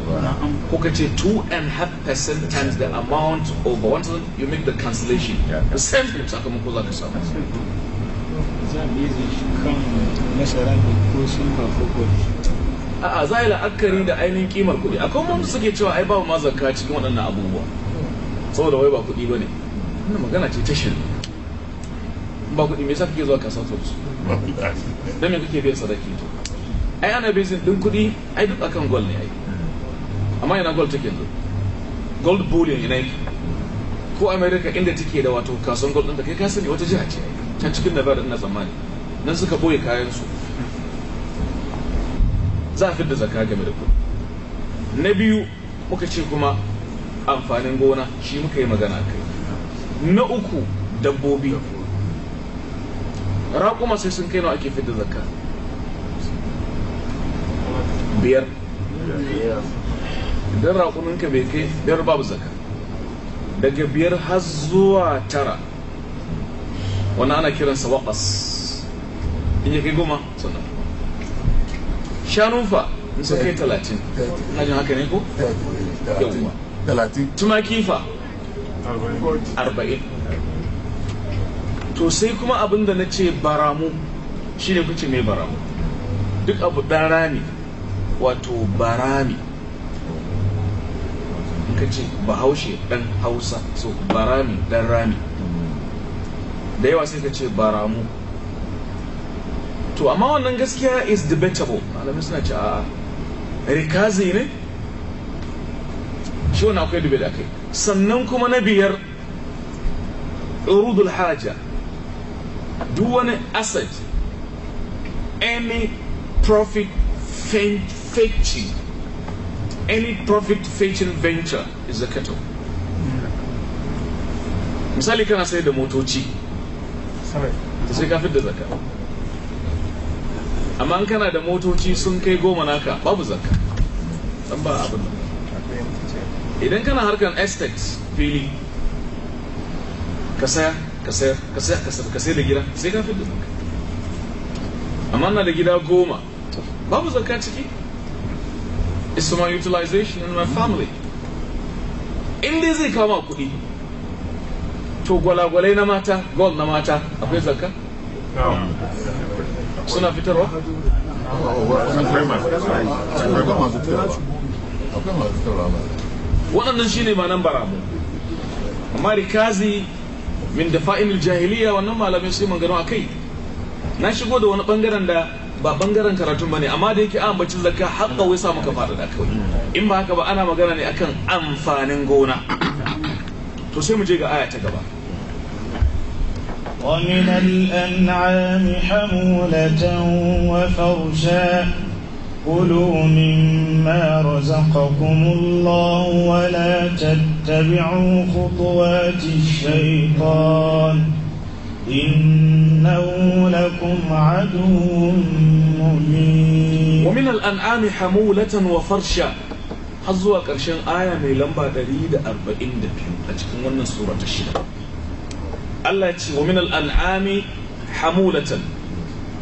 ko ka ce two and half percent times the amount of one thousand you make the cancellation the same thing sakamako za ka samu a'a za a yi la'akari da ainihin kimar kuɗi akwai mun suke cewa ai babu ma zakka cikin waɗannan abubuwa saboda wai ba kuɗi ba ne wannan magana ce ta shirin ba kuɗi me yasa kake zuwa kasuwa su don me kake biyan sadaki to ai ana bizin din kuɗi ai duk akan gold ne ai amma yana gold take yanzu gold bullion ina yake ko america inda take da wato kasuwan gold da kai ka sani wata jiha ce can cikin nevada ina tsammani nan suka boye kayan su za a fidda zakka game da kuɗi na biyu muka ce kuma amfanin gona shi muka yi magana kai na uku dabbobi raƙuma sai sun kai nawa ake fidda zakka biyar idan raƙuninka bai kai biyar babu zaka daga biyar har zuwa tara wani ana kiransa waƙas in ya kai goma sannan shanunfa in sun kai talatin na jin haka ne ko? yawwa talatin tumaki fa arba'in to sai kuma abin da na ce baramu shi ne kuce mai baramu duk abu ɗan rami wato barami ka ce bahaushe dan hausa so barami dan rami da yawa sai ka ce baramu to amma wannan gaskiya is debatable malamai suna ce a rikazi ne shi wani akwai da kai sannan kuma na biyar rudul haja duk wani asad any profit faint. fetching, any profit fetching venture is a cattle. Misali kana sayar da motoci, sai ka da zakka. Amma in kana da motoci sun kai goma naka babu zakka, dan ba abin Idan kana harkar estate fili, ka saya, ka sayar, ka sayar, ka sayar da gida, sai ka da zakka. Amma na da gida goma, babu zakka ciki. is for my utilization and my family in dai zai kama kuɗi to gwalagwalai na mata gold na mata akwai zaka. suna fitarwa waɗannan shi ne manan baramu amma rikazi min dafa'in jahiliya wannan malamai sai magana a kai na shigo da wani ɓangaren da ba bangaren karatun bane amma da yake an bacin zakka haƙa wai sa muka faɗaɗa kawai in ba haka ba ana magana ne akan amfanin gona to sai mu je ga aya ta gaba ومن الأنعام حمولة وفرشا كلوا مما رزقكم الله ولا تتبعوا خطوات الشيطان إنه لكم عدو مبين ومن الأنعام حمولة وفرشا har zuwa ƙarshen aya mai lamba 142 a cikin wannan sura ta shida Allah ce wa minal an'ami hamulatan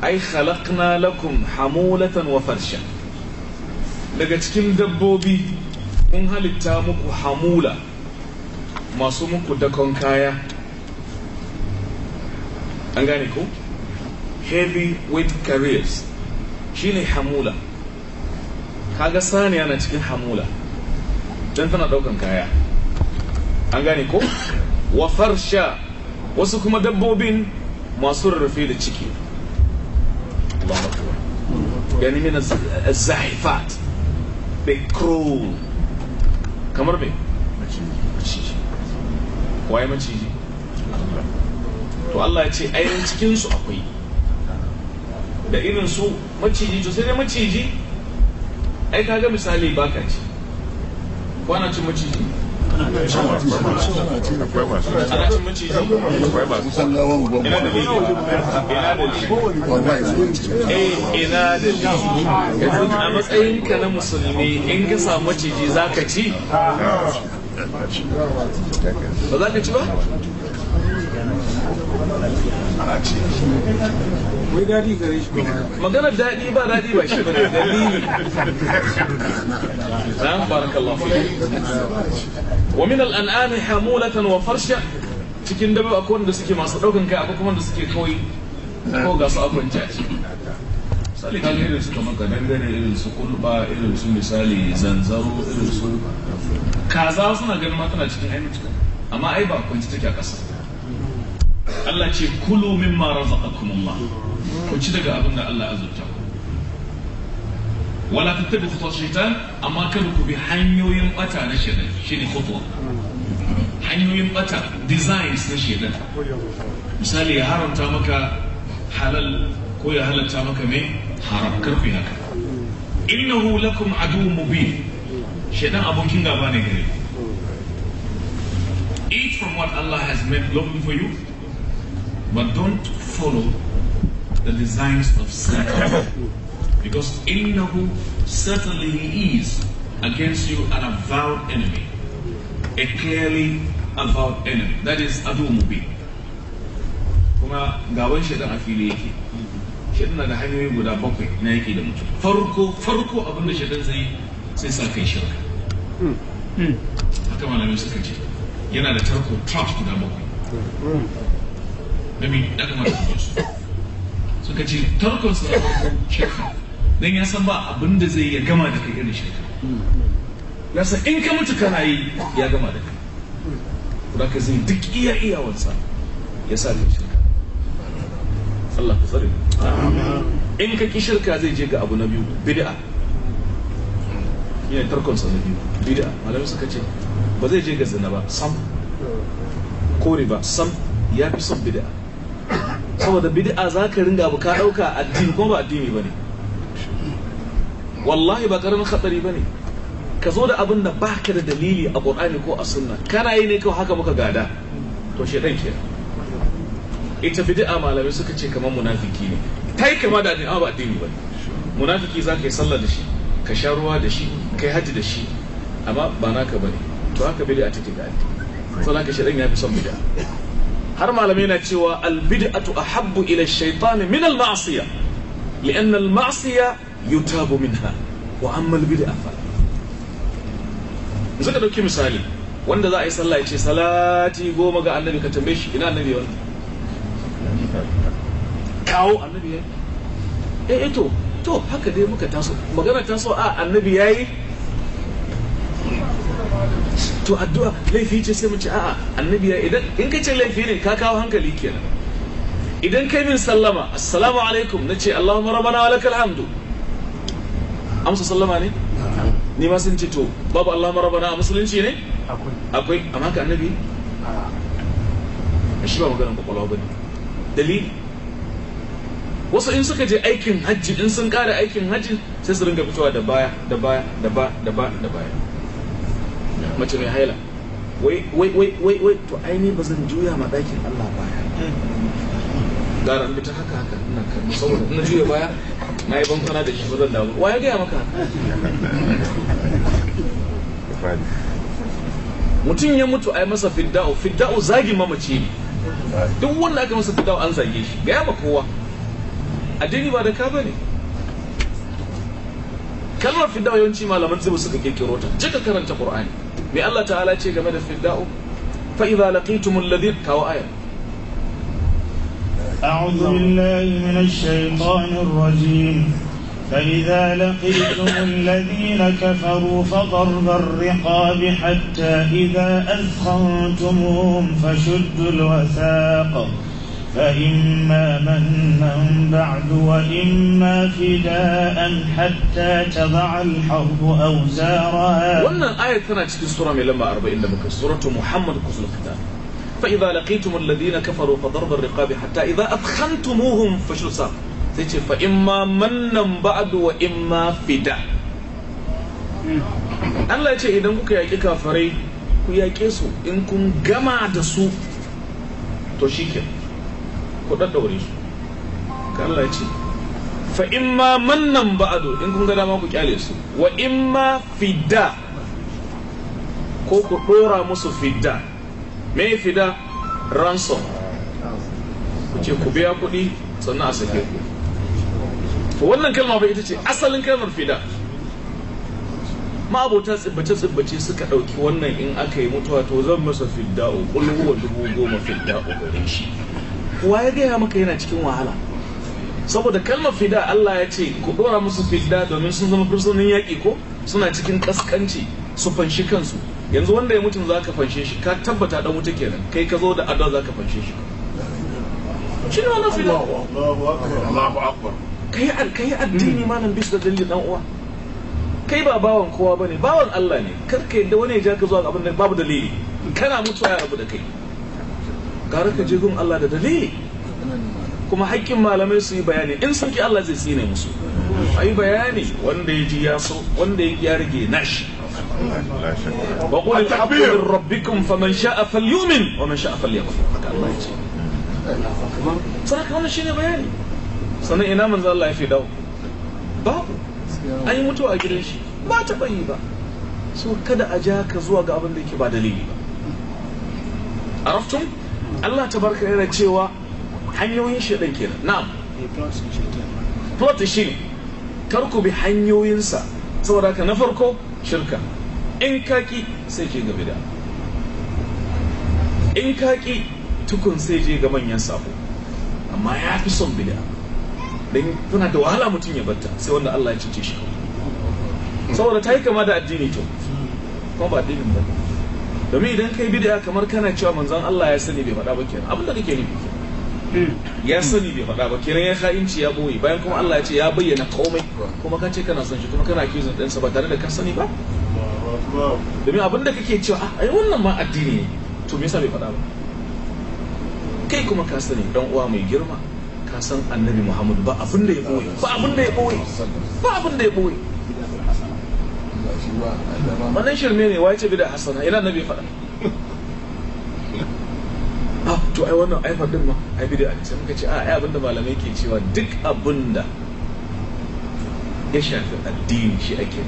ai khalaqna lakum hamulatan wa farsha daga cikin dabbobi mun halitta muku hamula masu muku dakon kaya an gane ku heavy weight carriers shine hamula kaga saniya na cikin hamula don tana daukan kaya an gane ku wa farsha wasu kuma dabbobin masu rarrafe da ciki gani mina zahifat be crawl kamar me maciji waye maciji to Allah ya ce ainihin cikin su akwai da irin su maciji to sai dai maciji ai kaga misali baka ci kwana cin maciji ina da eh, a matsayinka na musulmi in ka samu maciji za ka ci ba za ka ci ba wai daɗi gare shi ba maganar daɗi ba daɗi ba shi bane dalili na barakallahu wa min al'an'ami hamulatan wa farsha cikin dabi akwai wanda suke masu ɗaukan kai akwai kuma wanda suke kawai ko ga su akwai caci misali kaga irin su kamar kadangare irin su kulba irin su misali zanzaro irin su kaza suna ganin ma tana cikin ainihin amma ai ba kwanci take a ƙasa Allah ce kulu min mara mimma razaqakumullah ku ci daga abin da Allah azurta ku wala tattabi khutuwat shaitan amma kada ku bi hanyoyin bata na shaitan shine khutwa hanyoyin bata designs na shaitan misali ya haramta maka halal ko ya halatta maka mai haram karfi haka innahu lakum aduwwun mubin shaitan abokin gaba ne gare ku eat from what Allah has made lovely for you but don't follow the designs of Satan. (coughs) because innahu certainly is against you an avowed enemy. A clearly avowed enemy. That is adu mubi. Kuma gawan shaitan a fili yake. Shaitan na da hanyoyi guda bakwai na yake da mutum. Farko farko abin da shaitan zai sai sa kai shirka. Hmm. Haka malamai suka ce yana da tarko traps guda bakwai. Hmm. da mai da su suka ce tarkon sa shirka dan ya san ba abin da zai ya gama da kai irin shekara ya san in ka mutu kana yi ya gama da kai kuma ka zai duk iya iyawarsa ya sa ka shekara Allah ka tsare in ka ki shirka zai je ga abu na biyu bid'a yana tarkon sa na biyu bid'a malamai suka ce ba zai je ga zina ba sam ko ba sam ya fi son bid'a saboda bid'a za ka ringa abu ka ɗauka addini ko ba addini ba ne wallahi ba ƙaramin hatsari ba ne ka zo da abin da ba ka da dalili a ƙur'ani ko a sunna kana yi ne kawai haka muka gada to shi ɗan ke ita bid'a malamai suka ce kamar munafiki ne ta yi kama da addini ba addini ba ne munafiki za ka yi sallah da shi ka sha ruwa da shi ka yi hajji da shi amma ba naka ba ne to haka bid'a take ga addini saboda ka shi ɗan ya fi son bid'a har malamai na cewa albid'atu habbu ila shaitani min al-ma'siyah li'anna al-ma'siyah yutabu minha wa amma al-bid'a fa yanzu ka dauki misali wanda za a yi sallah ya ce salati goma ga annabi ka tambaye shi ina annabi wannan kawo annabi ya eh, eh to to haka dai muka taso magana taso a annabi yi to addu'a laifi ce sai mu ci a'a annabi ya idan in ka ce laifi ne ka kawo hankali kenan idan kai min sallama assalamu alaikum na ce allahumma rabbana wa lakal hamdu amsa sallama ne ni ma sun ce to babu allahumma rabbana a musulunci ne akwai amma ka annabi shi ba maganar kwakwalwa ba ne dalili wasu in suka je aikin hajji in sun kara aikin hajji sai su ringa fitowa da baya da baya da baya da baya da baya mace mai haila wai wai wai wai wai to aini ba zan juya ma ɗakin Allah baya gara in ta haka haka ina kan saboda na juya baya na yi bankwana da shi ba zan damu wa ya gaya maka mutum ya mutu a yi masa fidda'u fidda'u zagin mamaci ne duk wanda aka masa fidda'u an zage shi gaya ma kowa addini ba da ka bane kalmar fidda'u yawanci malaman tsibu suka kirkiro ta je karanta qur'ani me Allah ta'ala ce game da fidda'u fa idza laqitumul ladhi kawo aya أعوذ بالله من الشيطان الرجيم فإذا لقيتم الذين كفروا فضرب الرقاب حتى إذا أثخنتموهم فشدوا الوثاق فإما منا بعد وإما فداء حتى تضع الحرب أوزارها wannan ayat tana cikin sura mai lamba 40 da muka suratu Muhammad kusul kitab فإذا لقيتم الذين كفروا فضرب الرقاب حتى إذا أثخنتموهم فشلوا ساق سيتي فإما منا بعد وإما فداء Allah ya ce idan kuka yaƙi kafarai ku yaƙe su in kun gama da su to ku daddaure su ka Allah ya ce fa imma mannan ba'adu in kun ga dama ku kyale su wa imma fidda ko ku dora musu fidda me fidda ransom ku ce ku biya kuɗi sannan a sake ku to wannan kalma ba ita ce asalin kalmar fida ma'abota tsibbace-tsibbace suka ɗauki wannan in aka yi mutuwa to zan masa fidda'u ƙulhuwa dubu goma fidda'u garin shi wa ya gaya maka yana cikin wahala saboda kalmar fida Allah ya ce ku dora musu fida domin sun zama fursunin yaƙi ko suna cikin ƙasƙanci su fanshi kansu yanzu wanda ya mutum za ka fanshe shi ka tabbata dan wuta kenan kai ka zo da adon za ka fanshe shi shi ne wannan fida Allahu akbar kai al kai addini malam bis da dalili dan uwa kai ba bawan kowa bane bawan Allah ne kar ka yadda wani ya ja ka zuwa abin da babu dalili kana mutuwa ya rabu da kai gara ka je Allah da dalili kuma haƙƙin malamai su yi bayani in sun ki Allah zai tsine musu a yi bayani wanda ya ji ya so wanda ya ya rage nashi wa qul al-haqqu min rabbikum faman sha'a falyumin wa man sha'a falyakfur haka Allah ya ce sanan shine bayani sanan ina manzo Allah ya fi dawo babu an yi mutuwa a gidan shi ba ta bayi ba so kada a ja ka zuwa ga abin da yake ba dalili ba araftum Allah ta barka yana cewa hanyoyin ke nan. na'am eh, plot shi ne karku bi hanyoyinsa saboda ka na farko shirka in kaki sai ke ga bid'a in kaki tukun sai je ga manyan sabo amma ya fi son bid'a don tana da wahala mutum ya batta sai wanda Allah ya cince shi saboda ta yi kama da addini to kuma ba addinin ba domin idan kai bid'a kamar kana cewa manzon Allah ya sani bai faɗa ba kenan abin da kake nufi hmm. ya sani bai faɗa ba kenan ya ha'inci ya boye bayan kuma Allah ya ce ya bayyana komai kuma ka ce kana son shi kuma kana accusing dan sa ba tare da ka sani ba domin abin da kake cewa ah, ai wannan ma addini ne to me yasa bai faɗa ba kai kuma ka sani dan uwa mai girma ka san annabi Muhammad ba abin da ya boye ba abin da ya boye ba abin da ya boye a wannan shirme ne wace bida hasana ina nabi faɗa (laughs) ah to ai wannan ai faɗin ma ai bida ne sai muka ce a ah, ai abinda malamai ke cewa duk abinda ya shafi addini shi ake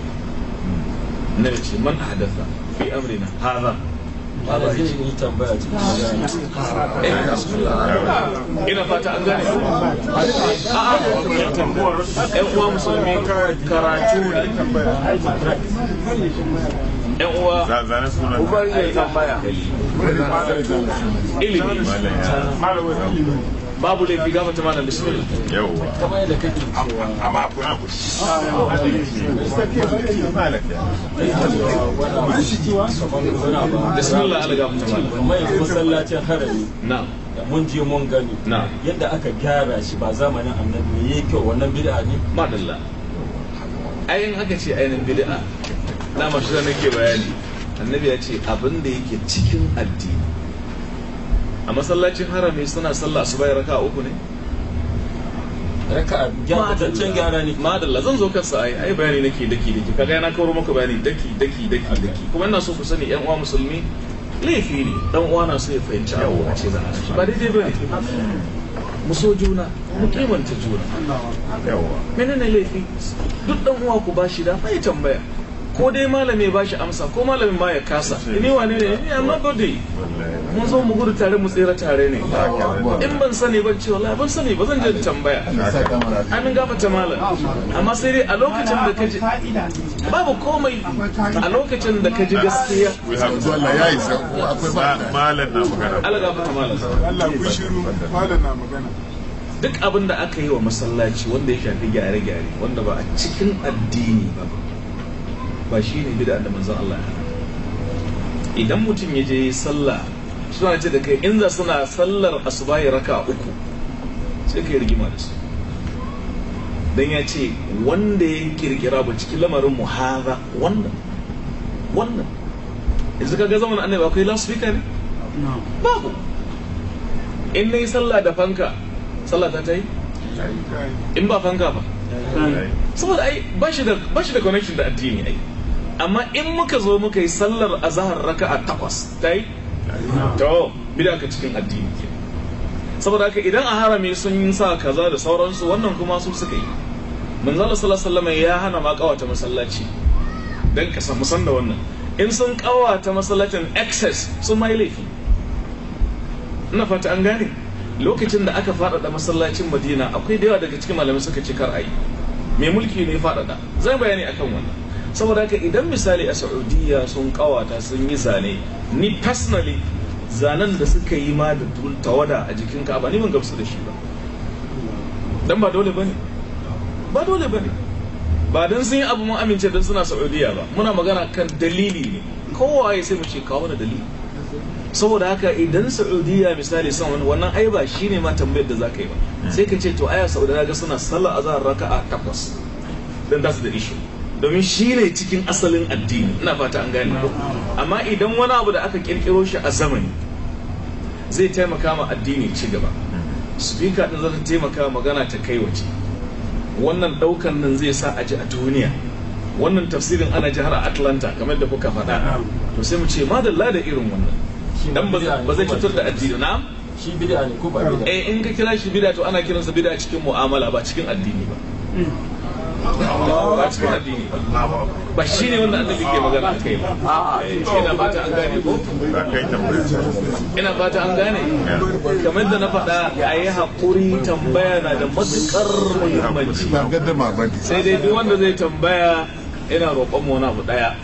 nabi ce man hadasa fi amrina hadha ina fata an gane a uwa musulmi karatu ne yan uwa ubari ya tambaya ilimi babu laifi gafa ta malam bismillah yawa kamar yadda kake amma ku na kuci bismillah alga mu ta mai masallacin harami na mun je mun gani na. yadda aka gyara shi ba zamanin annabi ne yake wannan bid'a ne madalla ayin aka ce ainin bid'a na mashi da nake bayani annabi ya ce abin da yake cikin addini a masallacin harami suna sallah su bai raka uku ne raka gyara gyara ne madalla zan zo kansa ai ai bayani nake daki daki kaga yana kawo maka bayani daki daki daki daki kuma ina so ku sani yan uwa musulmi laifi ne dan uwa na so ya fahimci abu a ce za a ba daidai ba mu so juna mu kimanta juna yawa menene laifi duk dan uwa ku bashi da fa tambaya ko dai malami ba shi amsa ko malamin ma ya kasa ni wane ne ni amma body mun zo mu gudu tare mu tsira tare ne in ban sani ban ce wallahi ban sani ba zan je tambaya an fata malam amma sai dai a lokacin da kaje babu komai a lokacin da kaje gaskiya wallahi yayi sai akwai ba. malam na magana Allah fata malam Allah ku shiru malam na magana duk abin da aka yi wa masallaci wanda ya shafi gyare-gyare wanda ba a cikin addini ba ba shi ne bid'a da manzon Allah ya idan mutum ya je sallah suna ce da kai in za suna sallar asubahi raka uku sai ka yi rigima da su don ya ce wanda ya kirkira ba cikin lamarin muhara wannan wannan yanzu ka ga zaman annabi akwai loudspeaker ne babu in na yi sallah da fanka sallah ta ta yi in ba fanka ba saboda ai ba shi da connection da addini ai amma in muka zo muka yi sallar azahar raka a takwas ta yi to bida ka cikin addini ke saboda haka idan a harami sun yi sa kaza da sauransu wannan kuma su suka yi mun zala sallallahu ya hana ma kawata masallaci dan ka samu san da wannan in sun kawata masallacin excess sun mai laifi ina fata an gane lokacin da aka faɗaɗa masallacin madina akwai da yawa daga cikin malamai suka ce kar ayi mai mulki ne faɗaɗa zai bayani akan wannan saboda haka idan misali a saudiya sun kawata sun yi zane ni personally zanen da suka yi ma da tawada a jikin ka ba ni ban gamsu da shi ba dan ba dole bane ba dole bane ba dan sun yi abu mun amince dan suna saudiya ba muna magana kan dalili ne kowa ya sai mu ce kawo da dalili saboda haka idan saudiya misali son wani wannan ai ba shine ma tambayar da zaka yi ba sai ka ce to aya saudiya ga suna sallar azhar raka'a takwas dan da su da ishi domin shi ne cikin asalin addini ina fata an gane amma idan wani abu da aka kirkiro shi a zamani zai taimaka ma addini ci gaba speaker din zai taimaka magana ta kai waje wannan daukan nan zai sa a ji a duniya wannan tafsirin ana ji har a atlanta kamar da kuka faɗa to sai mu ce madalla da irin wannan dan ba zai cutar da addini na shi bid'a ne ko ba bid'a eh in ka kira shi bid'a to ana kiransa bid'a cikin mu'amala ba cikin addini ba hmm. ba shi ne wanda annabi ke magana a kai ba ina fata an gane ko ina fata an gane kamar da na faɗa ya yi haƙuri tambaya na da matuƙar muhimmanci sai dai duk wanda zai tambaya ina roƙon mu na abu ɗaya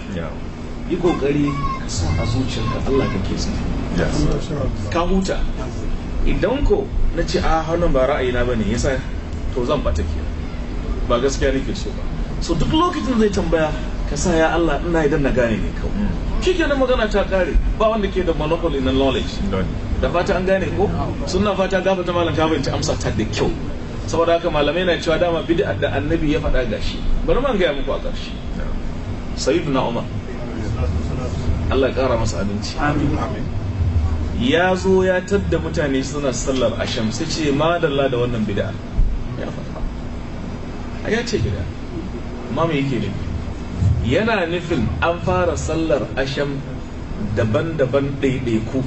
yi ƙoƙari ka sa a zuciyarka Allah ka ke ka huta idan ko na ce a ah, hannun ba ra'ayina ba ne yasa to zan bata kenan ba gaskiya nake so ba so duk lokacin zai tambaya ka sa ya Allah ina idan na gane ne kawai shikenan magana ta kare ba wanda ke da monopoly na knowledge da fata an gane ko suna fata gafa ta malam kafin ta amsa ta da kyau saboda haka malamai na cewa dama bid'a da annabi ya faɗa gashi bari man gaya muku a ƙarshe na umar Allah ya ƙara masa Amin. ya zo ya tadda mutane suna sallar a sai ce madalla da wannan bid'a a ya ce gida amma me yake nufi yana nufin an fara sallar asham daban-daban ɗaiɗaiku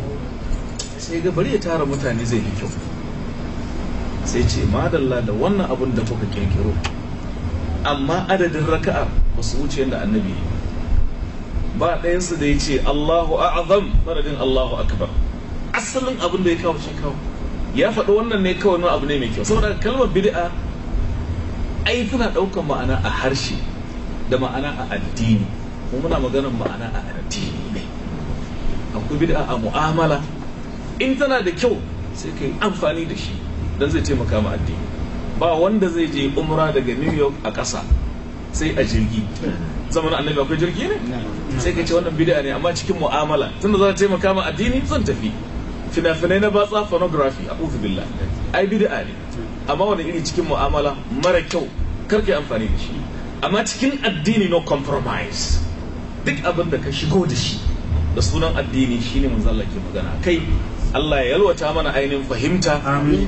sai ga bari ya tara mutane zai yi kyau sai ce madalla da wannan abin da kuka kirkiro amma adadin raka'a ba su wuce yadda annabi ba ɗayansu da ya ce Allahu a'azam faradin Allahu akbar asalin abin da ya kawo shi kawo ya faɗi wannan ne kawai wani abu ne mai kyau saboda kalmar bid'a ai tana ɗaukar ma'ana a harshe da ma'ana a addini mu muna maganar ma'ana a addini ne akwai bid'a a mu'amala in tana da kyau sai ka yi amfani da shi don zai taimaka ma addini ba wanda zai je umra daga new york a ƙasa sai a jirgi zaman annabi akwai jirgi ne sai ka ce wannan bid'a ne amma cikin mu'amala tunda za ta taimaka ma addini zan tafi fina-finai na batsa phonography a billah ai bid'a ne amma wani iri cikin mu'amala mara kyau karka amfani da shi amma cikin addini no compromise duk abin da ka shigo da shi da sunan addini shine manzo Allah magana kai Allah ya yalwata mana ainihin fahimta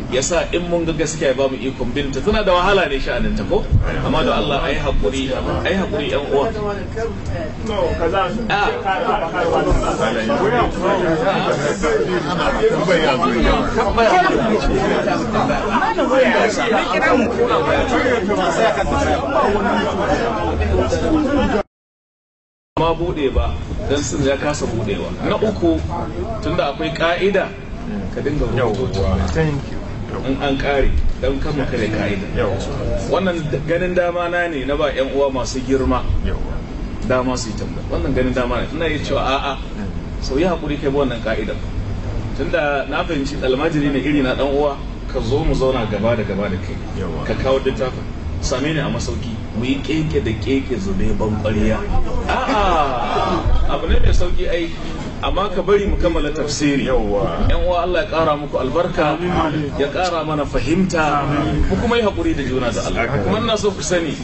ya sa in mun ga gaskiya ba mu ikon binta tana da wahala ne sha'anin ta ko amma da Allah ai hakuri ai hakuri yan uwa ma bude ba don sun ya kasa budewa na uku tunda akwai ka'ida ka dinga rubuta in an kare don kama kare ka'ida wannan ganin dama na ne na ba yan uwa masu girma dama su yi tambaya wannan ganin dama ne tana yi cewa a'a sau yi haƙuri kai wannan ka'idan tunda na fahimci almajiri ne iri na dan uwa ka zo mu zauna gaba da gaba da kai ka kawo littafin same ni a masauki mu yi keke da keke zube ban 'a a'a abu ne da sauki ai amma ka bari mu kammala tafsiri yan uwa Allah ya kara muku albarka ya ƙara mana fahimta ku kuma yi haƙuri da juna da Allah kuma ina so ku sani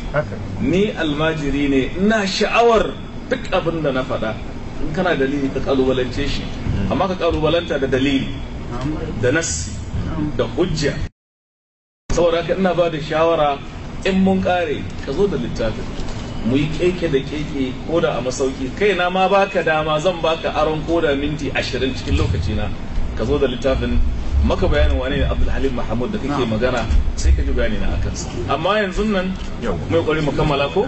ni almajiri ne ina sha'awar duk abin da na faɗa in kana dalili ka ƙalubalance shi amma ka ƙalubalanta da dalili da nas da hujja saboda haka ina ba da shawara in mun kare ka zo da littafin mu yi keke da keke koda a masauki kai na ma baka dama zan baka aron koda minti ashirin cikin lokaci na ka zo da littafin maka bayanin wane ne abdulhalim mahamud da kake magana sai ka ji bayani na sa. amma yanzu nan mai kwari mu kammala ko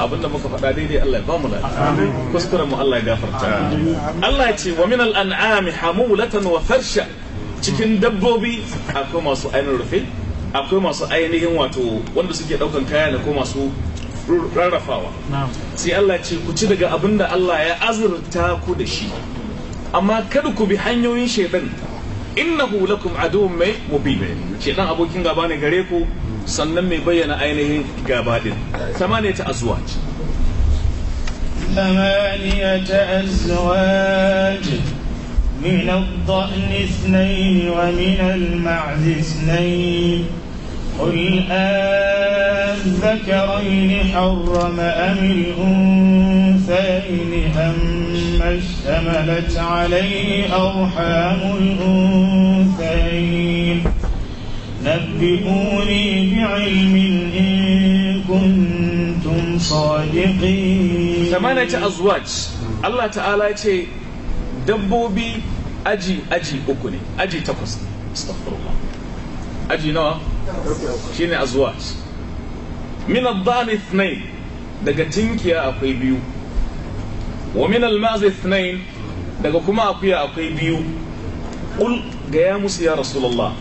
abinda muka faɗa daidai Allah ya ba mu lafiya kuskuren mu Allah ya gafarta Allah ya ce wa min al-an'ami hamulatan wa farsha cikin dabbobi akwai masu ainihin rufe akwai masu ainihin wato wanda suke daukan kaya da ko masu rarrafawa sai Allah ce ku ci daga abin da Allah ya azurta ku da shi amma kada ku bi hanyoyin shaidan innahu lakum aduwwun mai mubin shaidan abokin gaba ne gare ku sannan mai bayyana ainihin gaba din samaniya ta azuwa ثمانية من الضأن اثنين ومن المعز اثنين قل أذكرين حرم أم الأنثيين أم اشتملت عليه أرحام الأنثيين نبئوني بعلم إن كنتم صادقين ثمانية أزواج الله تعالى يتي dabbobi aji aji uku ne aji takwas astaghfirullah aji nawa shine azwaj min ad-dhan ithnain daga tinkiya akwai biyu wa min al-maz ithnain daga kuma akuya akwai biyu qul ga ya musu ya rasulullah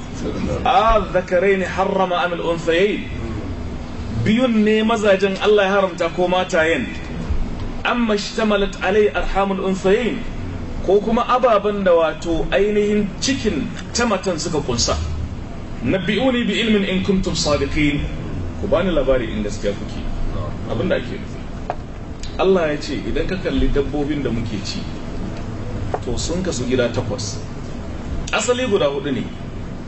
adh-dhakarayn harrama am al-unthayayn biyun ne mazajen Allah ya haramta ko mata matayen amma shtamalat alai arhamul unthayayn ko kuma ababen da wato ainihin cikin tamatan suka kunsa nabbi'uni bi ilmin in kuntum sadiqin ku bani labari in gaskiya kuke abinda ake nufi Allah ya ce idan ka kalli dabbobin da muke ci to sun kasu gida takwas asali guda hudu ne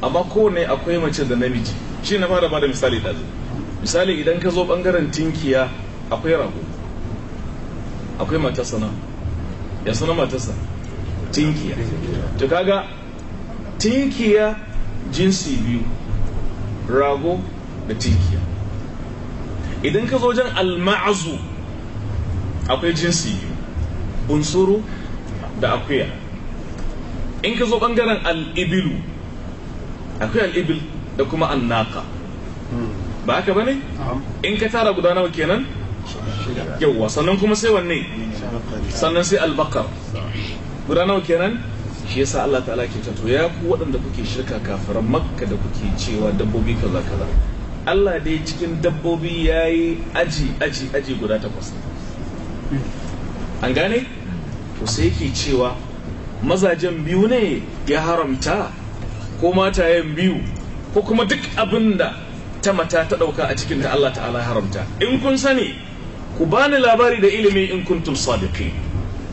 amma kowane akwai mace da namiji shi na fara bada misali ɗazu misali idan ka zo ɓangaren tinkiya akwai rago akwai matasa na ya suna matasa tinkiya to kaga tinkiya jinsi biyu rago da tinkiya idan ka zo wajen alma'azu akwai jinsi biyu bunsuru da akuya in ka zo bangaren al'ibilu akwai al'ibil da kuma annaka ba haka ba ne? in ka tara guda nawa kenan? yawwa sannan kuma sai wanne sannan sai albakar guda nawa kenan shi yasa Allah ta'ala ke ta ya ku waɗanda kuke shirka kafiran makka da kuke cewa dabbobi kaza kaza Allah dai cikin dabbobi ya yi aji aji aji guda takwas an gane to sai yake cewa mazajen biyu ne ya haramta ko matayen biyu ko kuma duk abin da ta mata ta ɗauka a cikin da Allah ta'ala haramta in kun sani ku bani labari da ilimi in kuntum sadiqin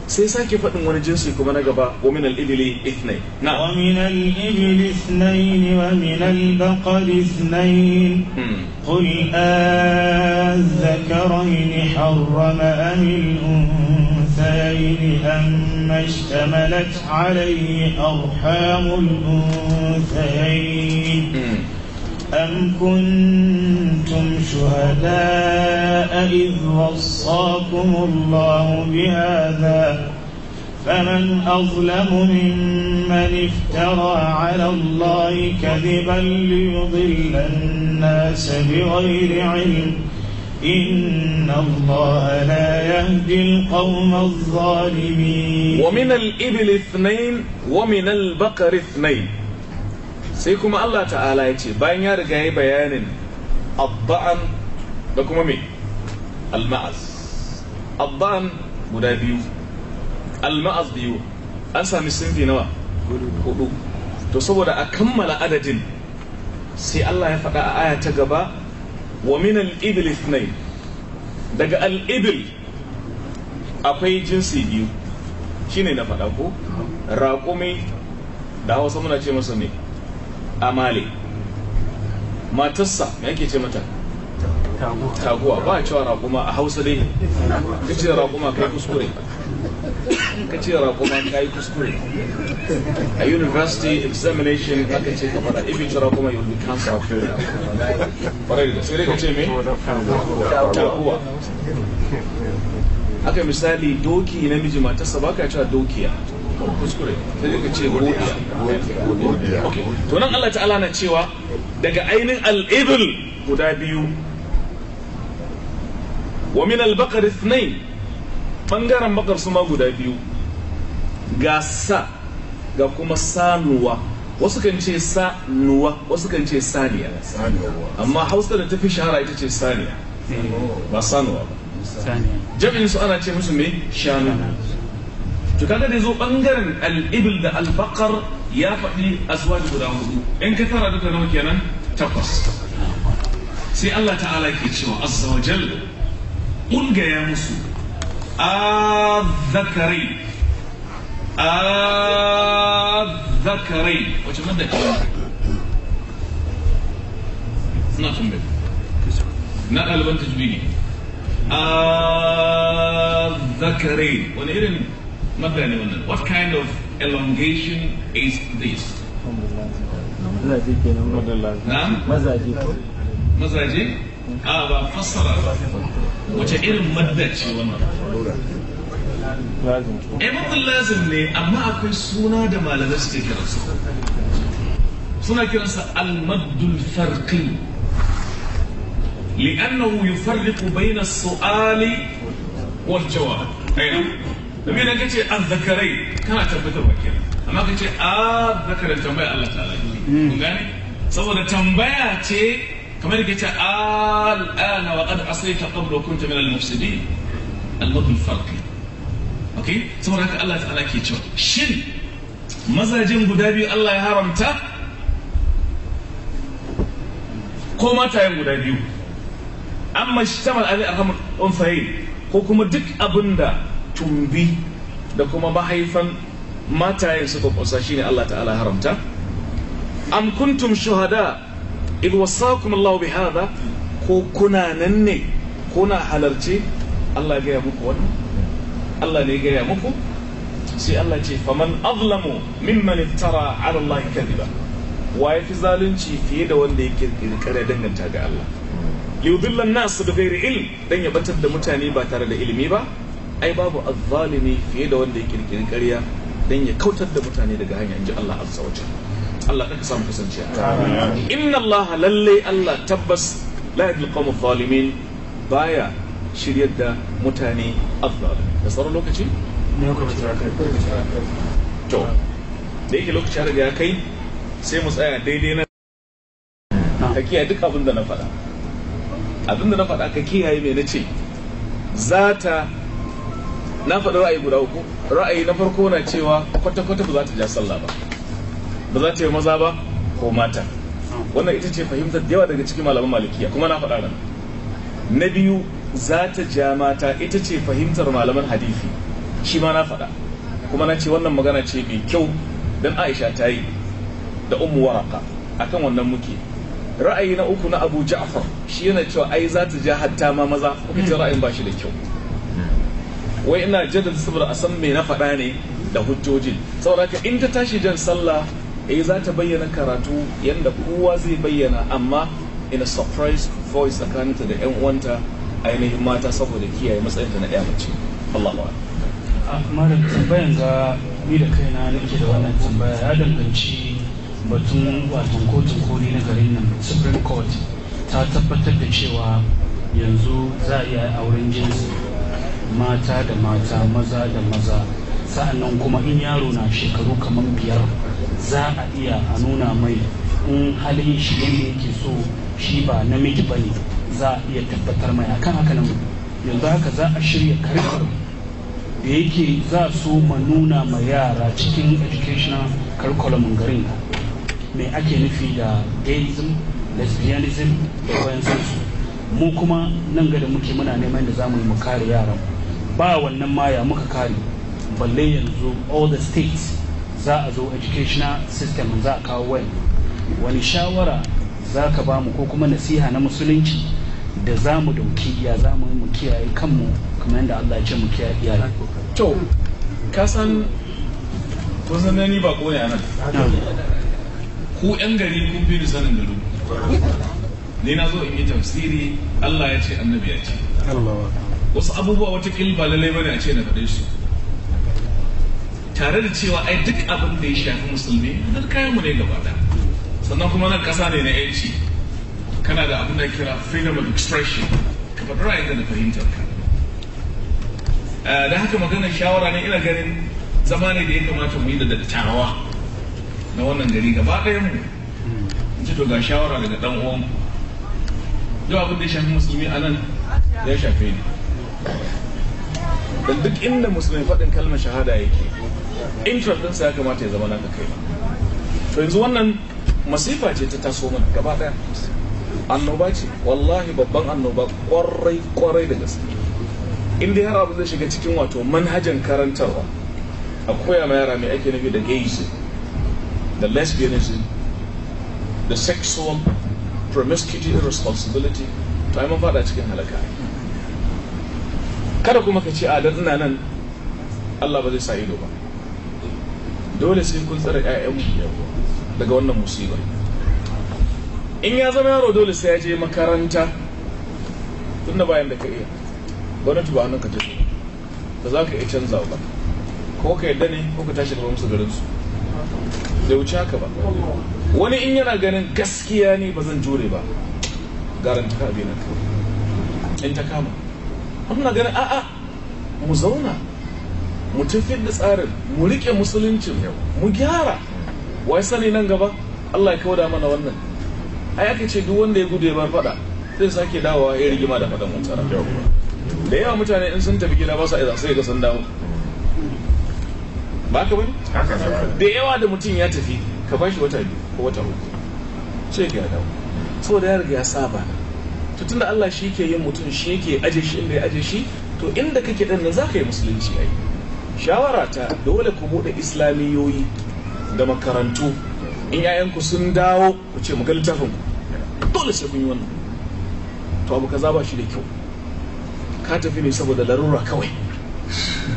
sai sake faɗin wani jinsi kuma na gaba wa min al-ibli ithnay na wa min al-ibli ithnayn wa min al-baqari ithnayn qul az-zakarayn harrama am al-unthayn amma ishtamalat alayhi arhamul unthayn أم كنتم شهداء إذ وصاكم الله بهذا فمن أظلم ممن افترى على الله كذبا ليضل الناس بغير علم إن الله لا يهدي القوم الظالمين ومن الإبل اثنين ومن البقر اثنين sai kuma Allah ta'ala ya ce bayan ya riga ya bayanin abba'an da kuma me alma'az abba'an guda biyu alma'az biyu an sami sinfi nawa hudu to saboda a kammala adadin sai Allah ya faɗa a aya ta gaba wa min al-ibil daga al-ibil akwai jinsi biyu shine na faɗa ko raƙumi da hausa muna ce masa ne amali matarsa me yake ce mata taguwa ba a cewa raguma a hausa dai ka ce raƙuma kai kuskure ka ce raƙuma kai kuskure a university examination aka ce ka fara ibi you ce raƙuma you will be cancer of failure da sai dai ka ce me taguwa aka misali doki namiji matarsa ba ka cewa dokiya to nan Allah ta'ala na cewa daga ainihin alibil guda biyu wa min al-baqar ithnain bangaren bakar su ma guda biyu ga sa ga kuma sanuwa wasu kan ce sanuwa wasu kan ce saniya amma hausa da tafi shahara ita ce saniya ba sanuwa ba jami'in su ana ce musu mai shanu to kaga da zo bangaren al-ibil da al ya faɗi aswad guda hudu in ka tara duka nawa kenan takwas sai Allah ta'ala ke cewa azza wa jalla kun ya musu الذكرين الذكرين وش مدة نكمل نقل بنت جبيني Wani irin. Not the What kind of elongation is this? Mazaje A ba fassara ba. Wace irin madda ce wannan? Eh ne amma akwai suna da malamai suke kiransa. Suna kiransa al-maddul farqi. لأنه يفرق بين السؤال والجواب. أي domin idan ka ce azzakarai kana tabbatarwa kenan amma ka ce azzakarai tambaya Allah ta'ala hmm. kun gane saboda tambaya ce kamar ka ce al'ana wa qad asayta qabla kunta min al-mufsidin al-madhu al-farq okay saboda haka Allah ta'ala ke cewa shin mazajin guda biyu Allah ya haramta ko yin guda biyu amma shi tamar alai arhamar unsayin ko kuma duk abinda tumbi da kuma mahaifan matayen suka kusa shine Allah ta'ala haramta am kuntum shuhada id wasakum Allah bi hada ko kuna nan ne kuna halarci Allah gaya muku wannan Allah ne gaya muku sai Allah ce faman azlamu mimman iftara ala Allah kadhiba wa yafi zalunci fiye da wanda ya kirkira danganta ga Allah yudilla an-nas bi ilm dan ya batar da mutane ba tare da ilimi ba ai babu azzalimi fiye da wanda ya kirkiri ƙarya dan ya kautar da mutane daga hanya inji Allah azza wa Allah ka samu kasance inna Allah lalle Allah tabbas la yadil qawm zalimin baya shiryar da mutane azzal da sauran lokaci kai. to da yake lokaci har ya kai sai mu tsaya daidai na ka kiyaye duk abin da na faɗa abin da na faɗa ka kiyaye me na ce za ta na faɗi ra'ayi guda uku ra'ayi na farko na cewa kwata-kwata ba za ta ja sallah ba ba za ta yi maza ba ko mata wannan ita ce fahimtar da yawa daga cikin malaman malikiya kuma na faɗa nan na biyu za ta ja mata ita ce fahimtar malaman hadisi shi ma na faɗa kuma na ce wannan magana ce mai kyau don aisha ta yi da ummu waraka akan wannan muke ra'ayi na uku na abu ja'far shi yana cewa ai za ta ja hatta ma maza kuka ce ra'ayin ba shi da kyau wai ina jaddada saboda a san me na faɗa ne da hujjojin saboda haka in ta tashi jan sallah eh za ta bayyana karatu yadda kowa zai bayyana amma in a surprise voice tsakaninta da yan uwanta ainihin mata saboda kiyaye matsayinta na ɗaya mace Allah ah, malam tambayan ga ni da kaina nake da wannan tambaya ya danganci batun wato kotun koli na garin nan supreme court ta tabbatar da cewa yanzu za a iya auren jinsi mata da mata maza da maza sa'an nan kuma in yaro na shekaru kamar biyar za a iya a nuna mai in halin shi yadda yake so shi ba namiji ba ne za a iya tabbatar mai akan haka nan yanzu haka za a shirya karfar da yake za su ma nuna ma yara cikin educational curriculum garin me ake nufi da gayism lesbianism da wayan mu kuma nan ga da muke muna neman da za mu yi mu kare yaran mu ba wannan maya muka kare balle yanzu all the states za a zo educational system za a kawo wani wani shawara za ka ba mu ko kuma nasiha na musulunci da za mu dauki ya za mu mu kiyaye kanmu kamar yadda Allah ce mu kiyaye iyali to ka san ko san ni ba ko nan ku yan gari kun fi sanin garu ne na zo in yi tafsiri Allah ya ce annabi ya ce wasu abubuwa wata ba lalai bane a ce na faɗe su tare da cewa ai duk abin da ya shafi musulmi duk kayan mu ne gaba da sannan kuma nan ƙasa ne na yanci kana da abin da kira freedom of expression ka faɗi ra'ayin da na fahimtar ka eh, da haka maganar shawara ne ina ganin zama ne da ya kamata mu yi da dattawa na wannan gari gaba ɗayan mu in ci to ga shawara daga ɗan uwan yau abin da ya shafi musulmi a nan ya shafe ni dan duk inda musulmi faɗin kalmar shahada yake interest ɗinsa ya kamata ya zama naka kai to yanzu wannan masifa ce ta taso mana gaba ɗaya annoba ce wallahi babban annoba kwarai kwarai da gaske in dai har abu zai shiga cikin wato manhajan karantarwa a koya ma yara mai ake nufi da gayism da lesbianism da sexual promiscuity irresponsibility to ai mun fada cikin halaka kada kuma ka ce a dan ina nan Allah ba zai sa ido ba dole sai kun tsare ƴaƴanmu daga wannan musibar in ya zama yaro dole sai ya je makaranta tunda bayan da ka iya gwamnati ba nan ka je ba za ka iya canza ba ko ka yadda ne ko ka tashi gaban musu garin su da wuce haka ba wani in yana ganin gaskiya ne ba zan jure ba garanta ka ka in ta kama muna ganin a'a mu zauna mu tafiyar da tsarin mu rike musuluncin mu gyara wai sani nan gaba Allah ya kawo mana wannan ai aka ce duk wanda ya gudu ya bar fada zai sake dawowa ya rigima da fadan wancan da yawa mutane in sun tafi gida ba sa sai ga sun dawo ba ka bani da yawa da mutum ya tafi ka bashi wata biyu ko wata uku sai ga dawo saboda ya riga ya saba to tunda Allah shi ke yin mutum shi ke aje shi inda ya aje shi to inda kake din nan zaka yi musulunci ai shawara ta dole ku bude islamiyoyi da makarantu in yayanku sun dawo ku ce muga littafin ku dole sai kun yi wannan to abu kaza ba shi da kyau ka tafi ne saboda larura kawai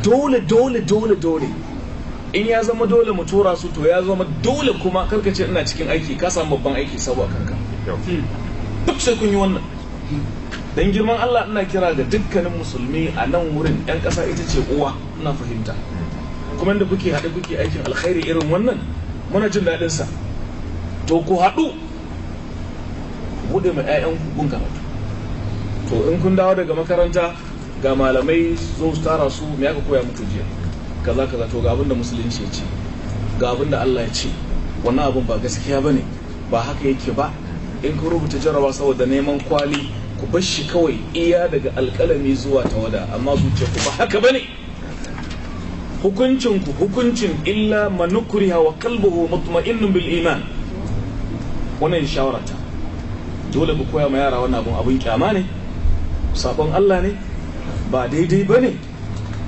dole dole dole dole in ya zama dole mu tura su to ya zama dole kuma karkace ina cikin aiki ka samu babban aiki saboda kanka duk sai kun yi wannan dan girman Allah ina kira ga dukkanin musulmi a nan wurin yan ƙasa ita ce uwa ina fahimta kuma inda kuke haɗu kuke aikin alkhairi irin wannan muna jin daɗin sa to ku haɗu buɗe ma 'ya'yan kun karatu to in kun dawo daga makaranta ga malamai zo su tara su me aka koya muku jiya kaza kaza to ga abinda musulunci ya ce ga abinda Allah ya ce wannan abun ba gaskiya bane ba haka yake ba in ka rubuta jarawa saboda neman kwali ku bar shi kawai iya daga alkalami zuwa tawada amma zuciya ku ba haka bane hukuncin ku hukuncin illa manukriha wa kalbuhu mutma'innun bil iman wannan ta. dole mu koya ma yara wannan abun abun kyama ne sabon Allah ne ba daidai bane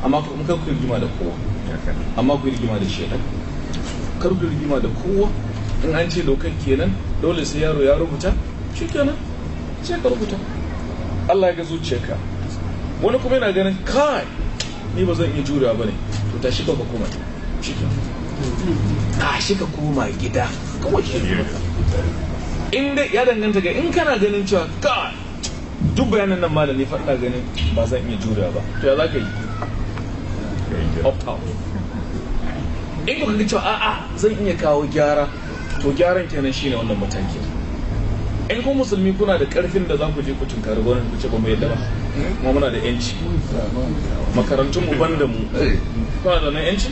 amma kuma ku rigima da kowa amma ku rigima da shedan kar ku rigima da kowa in an ce dokar kenan dole sai yaro ya rubuta kenan sai ka rubuta Allah ya ga zuciyarka wani kuma yana ganin kai ni ba zan iya jurewa bane to tashi ka koma shikenan tashi ka koma gida Kuma shi in dai ya danganta ga in kana ganin cewa kai duk bayanan nan malami faɗa ganin ba zan iya jurewa ba to ya za ka yi opt out in kuka ga cewa a'a zan iya kawo gyara to gyaran kenan shine wannan mataki in ku musulmi kuna da karfin da za ku je ku tunkari gwamnati ku ce ba mu yadda ba kuma muna da yanci makarantun mu banda mu kuna da nan yanci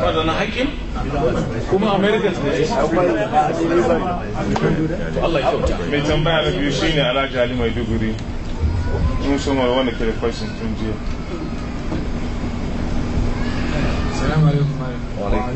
kuna da nan haƙƙin kuma americans ne to Allah ya kyauta mai tambaya da biyu shine alhaji ali duguri mun so mara wanda ke da question tun jiya assalamu alaikum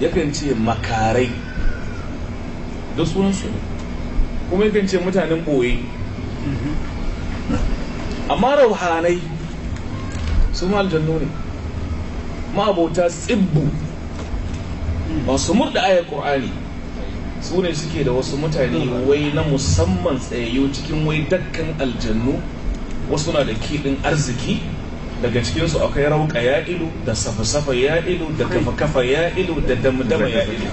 yakan ce makarai da sunansu kuma yakan ce mutanen ɓoye amma rauhanai su aljannu ne ma'abota tsibbu masu murda ayar ƙur'ani su ne suke da wasu mutane wai na musamman tsayayyo cikin wai dakkan aljannu wasu na da kiɗin arziki daga cikinsu akwai rauka ya ilu da safa-safa ya ilu da kafa-kafa ya ilu da damdama ya ilu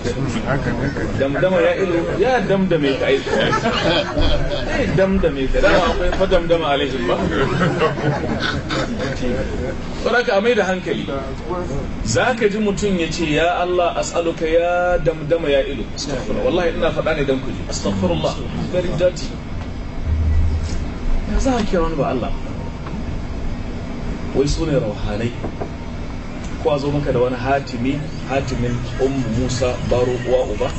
damdama ya ilu ya damdame ka aiki zai eh, damdame ka dama akwai fa damdama alaihim ba saraka a mai da hankali za ka ji mutum ya ce ya Allah as'aluka ya damdama ya ilu wallahi ina faɗa ne don ku ji astaghfirullah very dirty ya za a kira wani ba Allah wai su ne rauhanai ko a zo maka da wani hatimi hatimin ummu musa baro uwa uba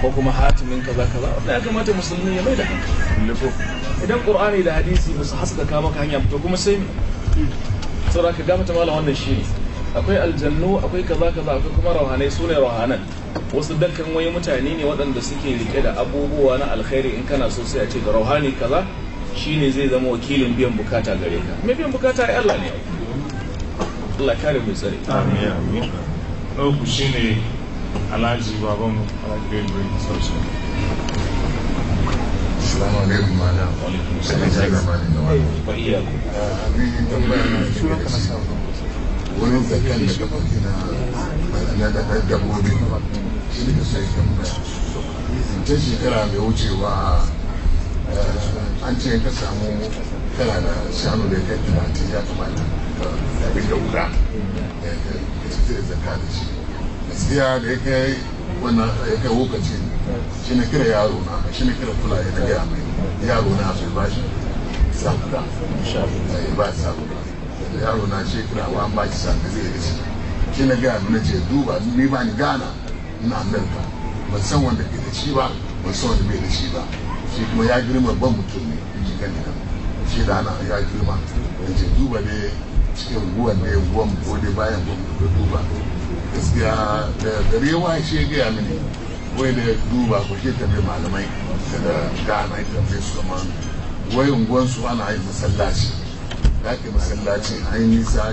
ko kuma hatimin kaza kaza wanda ya kamata musulmi ya mai da hankali idan qur'ani da hadisi ba su kama maka hanya to kuma sai saboda ka ta malam wannan shine akwai aljannu akwai kaza kaza akwai kuma rauhanai ne rauhanan wasu dukkan wani mutane ne waɗanda suke rike da abubuwa na alkhairi in kana so sai a ce da rauhani kaza shine zai zama wakilin biyan bukata gare ka mai biyan bukata ya Allah ne Allah kare mai tsare amin amin ɗauku shine alhaji baban alhaji bai sauce Assalamu alaikum Wa alaikum Sai ga da wani. Eh, ba iya ku. Ni tambaya na shi kana wurin da kafa kina da kai shi ne sai shekara mai wucewa an ce ka samu kana da shanu da ya kai talatin ya kamata ka bi da wuka da eh, ciki da zaka da shi gaskiya da ya kai wannan ya kai lokaci shi na kira yaro na shi na kira kula ya gaya mai yaro na su ba shi da eh, ya ba sabuda yaro na shi kira wa ba shi sabuda zai da shi shi na gaya mai na ce duba ni ba ni gana na amurka ban san wanda ke da shi ba ban san wanda bai da shi ba shi kuma ya girma ban mutum ne shi kan nan shi da ana ya girma da ce duba ne cikin guwan ne guwan ko dai bayan mutum da duba gaskiya da gare wa shi gaya mini wai da duba ko shi tambayi malamai da da gana yi tambaye su kama wai su ana yi masallaci ke masallaci an yi nisa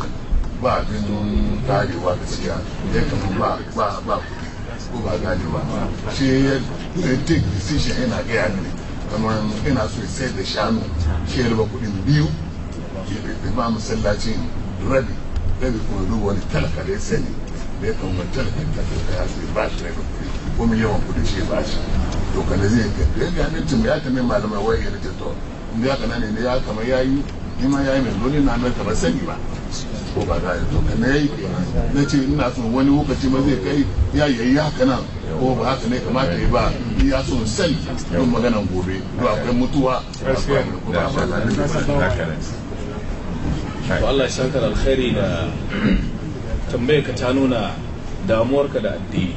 ba abin tarewa gaskiya ya kama ba ba ba ko ba gane ba shi ya take decision yana gaya mini kamar ina so ya sayar da shanu shi ya raba kuɗin biyu ba masallacin rabi rabi kuma duba wani talaka da ya sani da ya kan wani talaka da ta ya sai ba shi rabi kuɗi ko mai yawan kuɗi shi ba shi to kana zai ga ya ga mintin ya kamar malamai wai ya rike to in ya kana ne ya kamar yayi ni ma yayi mai dole na mai kamar sani ba ko ba za to ka na yi na ce ina son wani lokaci ma zai kai ya yayi haka nan ko ba haka ne kamata ya ba ya son sel don maganan gobe to akwai mutuwa to Allah ya saka alkhairi da tambaye ka ta nuna ka da addini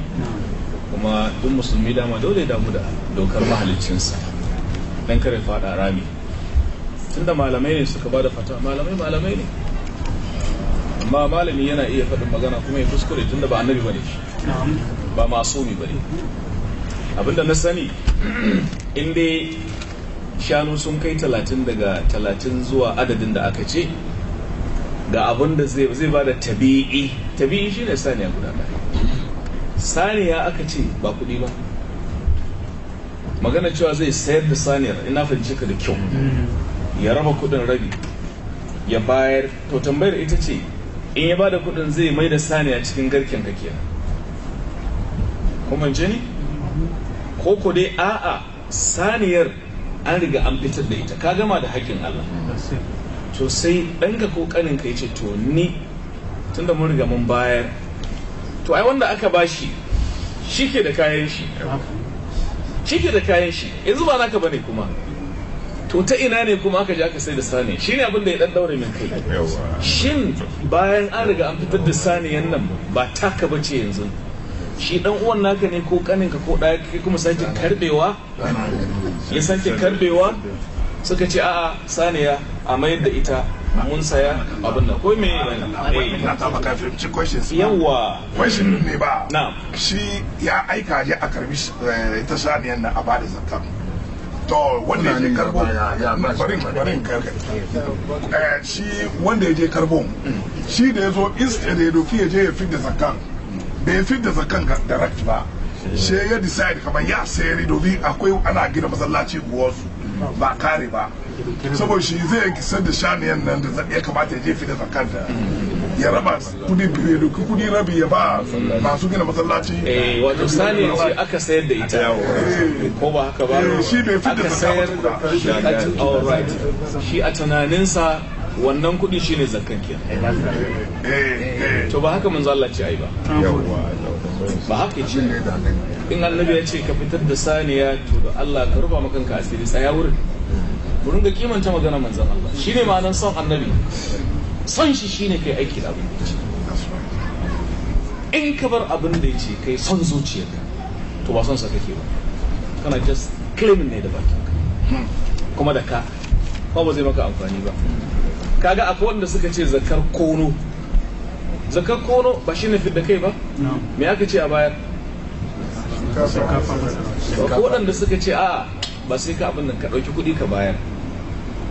kuma duk musulmi dama dole damu da dokar mahaliccinsa dan kare fada rami tunda malamai ne suka ba da fata malamai malamai ne amma malami yana iya faɗin magana kuma ya kuskure da ba annabi bane shi ba masumi bane abinda na sani (clears throat) in dai shanu sun kai talatin daga talatin zuwa adadin da aka ce ga abin da zai ba da tabi'i tabi'i ne saniya guda ɗaya saniya aka ce ba kuɗi ba magana cewa zai sayar da saniyar ina fahimci ka da kyau mm. ya raba kuɗin rabi ya bayar to tambayar ita ce in ya ba da kudin zai mai da saniya cikin garken ka kenan kuma ne ko ko dai a'a saniyar an riga an fitar da ita ka gama da haƙƙin Allah to sai ɗanka ko ƙanin ka yace to ni tunda mun riga mun bayar to ai wanda aka bashi shi da kayan shi shike da kayan shi yanzu ba naka bane kuma to ta ina ne kuma aka je aka sai da sani shine abin da ya dan daure min kai shin bayan an riga an fitar da saniyan nan ba taka bace yanzu shi dan uwan naka ne ko kaninka ko daya kai kuma sake karbewa ya sake karbewa suka ce a'a saniya a mayar da ita mun saya abin da ko me eh. na ta baka fahimci questions yawa question ne ba na shi ya aika je a karbi eh, ta saniyan nan a bada zakka to eh, wanda ya je karbo shi wanda ya je karbon. shi da ya zo iska da ya doki ya je ya fit da zakan bai fit da zakan direct ba mm. she ya decide kamar ya sayari domin akwai ana gina masallaci guwarsu mm. ba kare ba mm. saboda shi zai kisar da shaniyan nan da ya kamata ya je fi da zakanta ya raba kudi biyu ya kudi rabi ya ba masu gina masallaci eh wato saniya ce aka sayar da ita ko ba haka ba eh, shi bai fi da sayar da all right shi a tunanin sa wannan kudi shine zakkan kenan eh, eh. to ba haka manzo Allah ce ai ba ba haka ce in annabi ya ce ka fitar da saniya to da Allah ka ruba maka kanka asiri tsaya wurin ku ringa kimanta magana manzon Allah shine ma'anar son annabi son shi shine kai aiki da abin da ce in ka bar abin da ya ce kai son zuciyarka to ba son sa kake ba kana just claiming ne da bakin kuma da ka ba ba zai maka amfani ba kaga akwai wanda suka ce zakar kono zakar kono ba shi ne da kai ba me aka ce a bayar ko waɗanda suka ce a ba sai ka abin nan ka ɗauki kuɗi ka bayar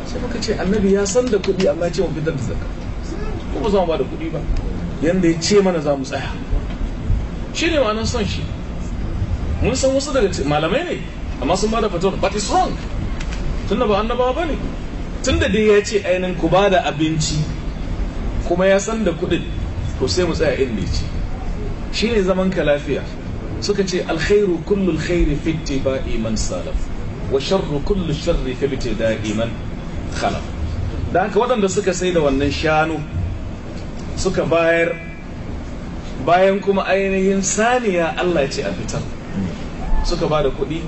sai muka ce annabi ya san da kuɗi amma ce mu fitar da zakar ko ba za mu ba da kuɗi ba yanda ya ce mana za mu tsaya shi ne ma'anar son shi mun san wasu daga malamai ne amma sun ba da fatawar but it's wrong tunda ba annabawa ba ne tunda dai ya ce ainihin ku ba da abinci kuma ya san da kuɗin to sai mu tsaya inda ya ce shi ne zaman ka lafiya suka ce alkhairu kullu alkhairi fi ittiba'i man salaf wa sharru kullu sharri fi ibtida'i man khalaf da haka waɗanda suka sai da wannan shanu suka bayar bayan kuma ainihin saniya Allah ce a fitar suka ba da kuɗi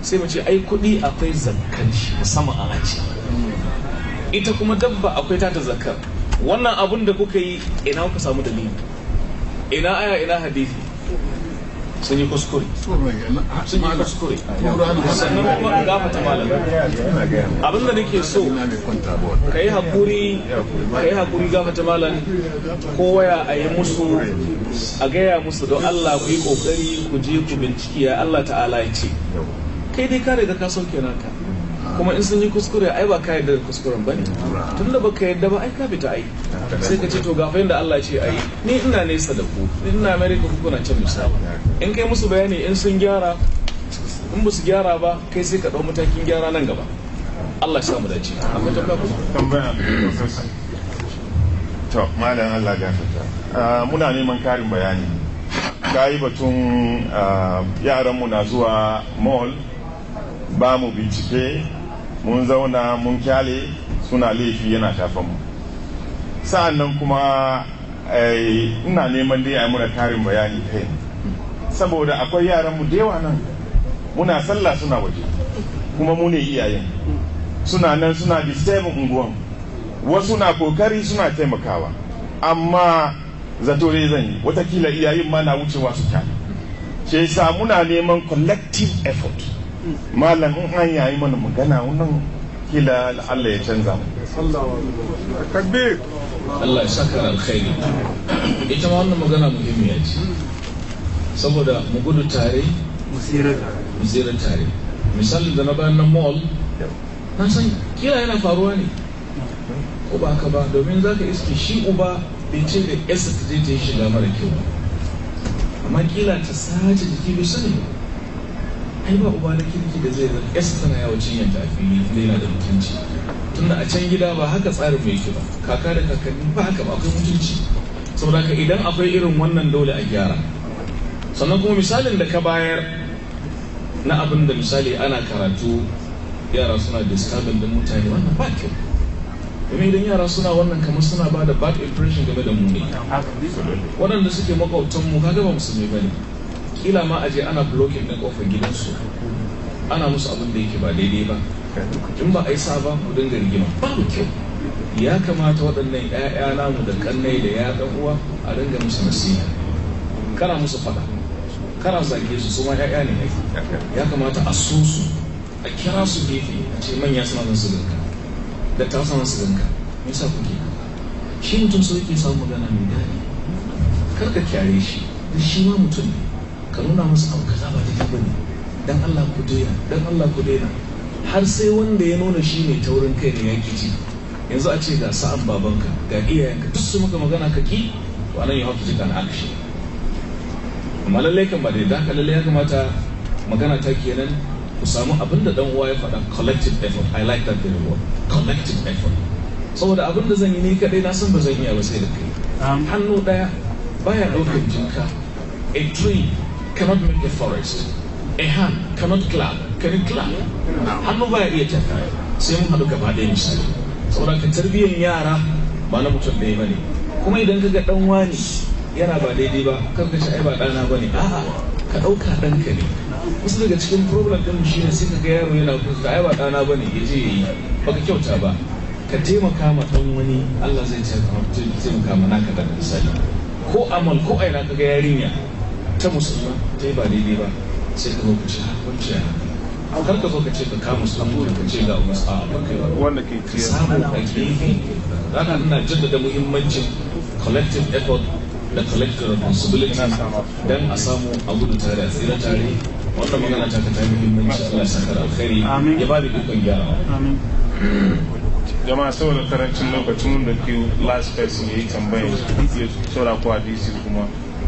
sai mu ce ai kuɗi akwai zakkan shi musamman a aji ita kuma dabba akwai tata zakkar wannan abun da kuka yi ina kuka samu dalili ina aya ina hadisi sun yi kuskure sun yi kuskure kuma abin da nake so ka yi hakuri ka yi hakuri gafata malam kowaya a yi musu a gaya musu don Allah ku yi kokari ku je ku bincike ya Allah ta'ala ya ce kai dai kare da ka sauke naka kuma in sun yi kuskure ai ba ka yarda da kuskuren bane tun da baka yarda ba ai ka fita ai sai ka ce to ga da Allah ce ai ni ina nesa da ku ina America ku kuna can misali in kai musu bayani in sun gyara in ba su gyara ba kai sai ka dau matakin gyara nan gaba Allah ya mu dace akwai tambaya ku tambaya to malam Allah ya fita ah, muna neman karin bayani yi batun ah, yaranmu na zuwa mall ba mu bincike mun zauna mun kyale suna laifi yana shafan mu sa'an nan kuma eh, ina neman dai a muna karin bayani kai saboda akwai yaran mu da nan muna sallah suna waje kuma mu ne iyayen suna nan suna disturb unguwan wasu na kokari suna taimakawa amma zato dai zan yi watakila iyayen ma na wucewa su kyale ce sa muna neman collective effort malam in an yayi mana magana wannan kila Allah ya canza mu Allah ya saka alkhairi ita ma wannan magana muhimmiya ce saboda mu gudu tare mu tsira tare misali da na bayan nan mall na san kila yana faruwa ne ko ba ka ba domin za ka iske shi uba bai ce da yasa ta je ta yi shiga mara kyau A amma kila ta sace jiki bai sani ba ai ba uba na kirki da zai zai yasa tana yawa cinyanta a fili inda yana da mutunci tunda a can gida ba haka tsarin mai yake ba kaka da kakanni ba haka ba akwai mutunci saboda ka idan akwai irin wannan dole a gyara sannan kuma misalin da ka bayar na abin da misali ana karatu yara suna disturbing din mutane wannan ba kyau domin idan yara suna wannan kamar suna ba da bad impression game da mu ne waɗanda suke makwabtanmu kaga ba musulmi ba ne kila ma aje ana blocking din kofar gidansu ana musu abin da yake ba daidai ba in ba a yi saba ku dinga rigima babu kyau ya kamata waɗannan ƴaƴa namu da kannai da ya ɗan uwa a dinga musu nasiha kana musu faɗa kana zage su su ma 'ya'ya ne ya kamata a so su a kira su gefe a ce manya suna zan su ganka da ta suna su ganka me yasa kuke shi mutum so yake samu magana mai daɗi kar ka kyare shi da shi ma mutum ne ka nuna musu abu kaza ba daidai ba ne dan Allah ku daina dan Allah ku daina har sai wanda ya nuna shi ne taurin kai ne ya ji yanzu a ce ga sa'an babanka ga iyayenka duk su maka magana ka ki to anan you hafi jikan akshi amma lallai kan ba da yadda haka lallai ya kamata magana ta kenan ku samu abin da dan uwa ya faɗa collective effort i like that very word collective effort saboda abin da zan yi ni kaɗai na san ba zan iya ba sai da kai hannu daya baya ɗaukar jinka a tree cannot make the forest a hand cannot clap can it clap hannu baya iya tafiya sai mun haɗu gaba ɗaya misali saboda ka tarbiyyar yara ba na mutum ɗaya ba ne kuma idan ka ga ɗan wani yana ba daidai ba kar ka ai ba ɗana ba ne a'a ka ɗauka ɗanka ne wasu daga cikin problem ɗin shi ne sai ka ga yaro yana kusa ai ba ɗana ba ne ya je ya yi baka kyauta ba ka taimaka ma ɗan wani Allah zai taimaka ma naka da misali ko amal ko aina ka ga yarinya ta musulma ta yi ba daidai ba sai ka zo ka ce ah, kwanciya kar ka zo ka ce ka kama su abu ka ce ga wasu a ah, bakai ba wanda ke ce samu a gefe rana na jaddada muhimmancin collective effort da collective responsibility don a samu abu da tare a tsira tare wannan magana ta kata muhimmanci suna sakar alkhairi ya ba da dukkan gyarawa jama'a saboda karancin lokacin da ke last person ya yi tambayar ya saura ko dc kuma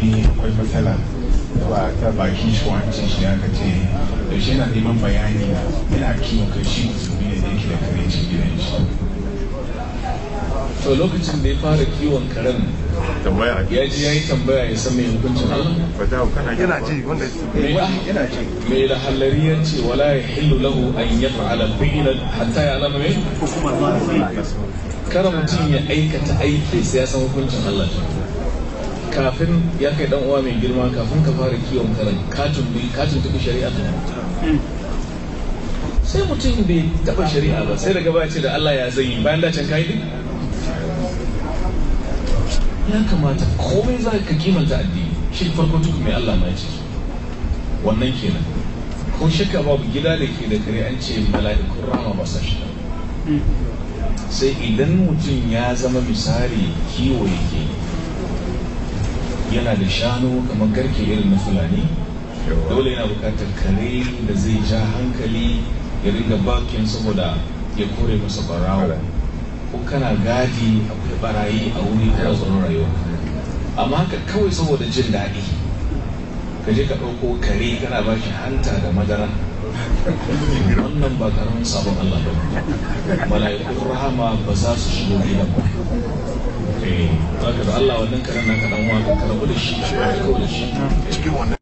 domin akwai matsala da ba ta baki shi wancin shi aka ce da shi yana neman bayani yana kiwon kai shi musulmi ne da yake da kare cikin gidan shi to lokacin da ya fara kiwon karen ya ji ya yi tambaya ya san mai hukuncin Allah yana ji wanda yana ji mai lahallari ya ce wala ya e hillu lahu an ya fa'ala fi'lan hatta ya alama mai hukumar karan mutum ya aikata aiki sai ya san hukuncin Allah kafin ya kai dan uwa mai girma kafin ka fara kiwon karen katin bi katin tafi shari'a ta sai mutum bai taba shari'a ba sai daga baya ce da Allah ya zai bayan dacin kai din ya kamata komai za ka kimanta addini shi farko tukun mai Allah ma ce wannan kenan ko shakka babu gida da ke da kare an ce mala'ikun rama ba sa sai idan mutum ya zama misali kiwo yake yana da shanu kamar garke irin na fulani dole yana bukatar kare da zai ja hankali ya ringa bakin saboda ya kore masa barawo ko kana gadi akwai barayi a wuri kana tsoron rayuwa amma haka kawai saboda jin daɗi ka je ka ɗauko kare kana ba shi hanta da madara wannan ba karamin sabon Allah ba mala'ikun rahama ba za su shigo gidan ba eh zaka da Allah wannan karan naka dan wa ka rabu da shi ka rabu da shi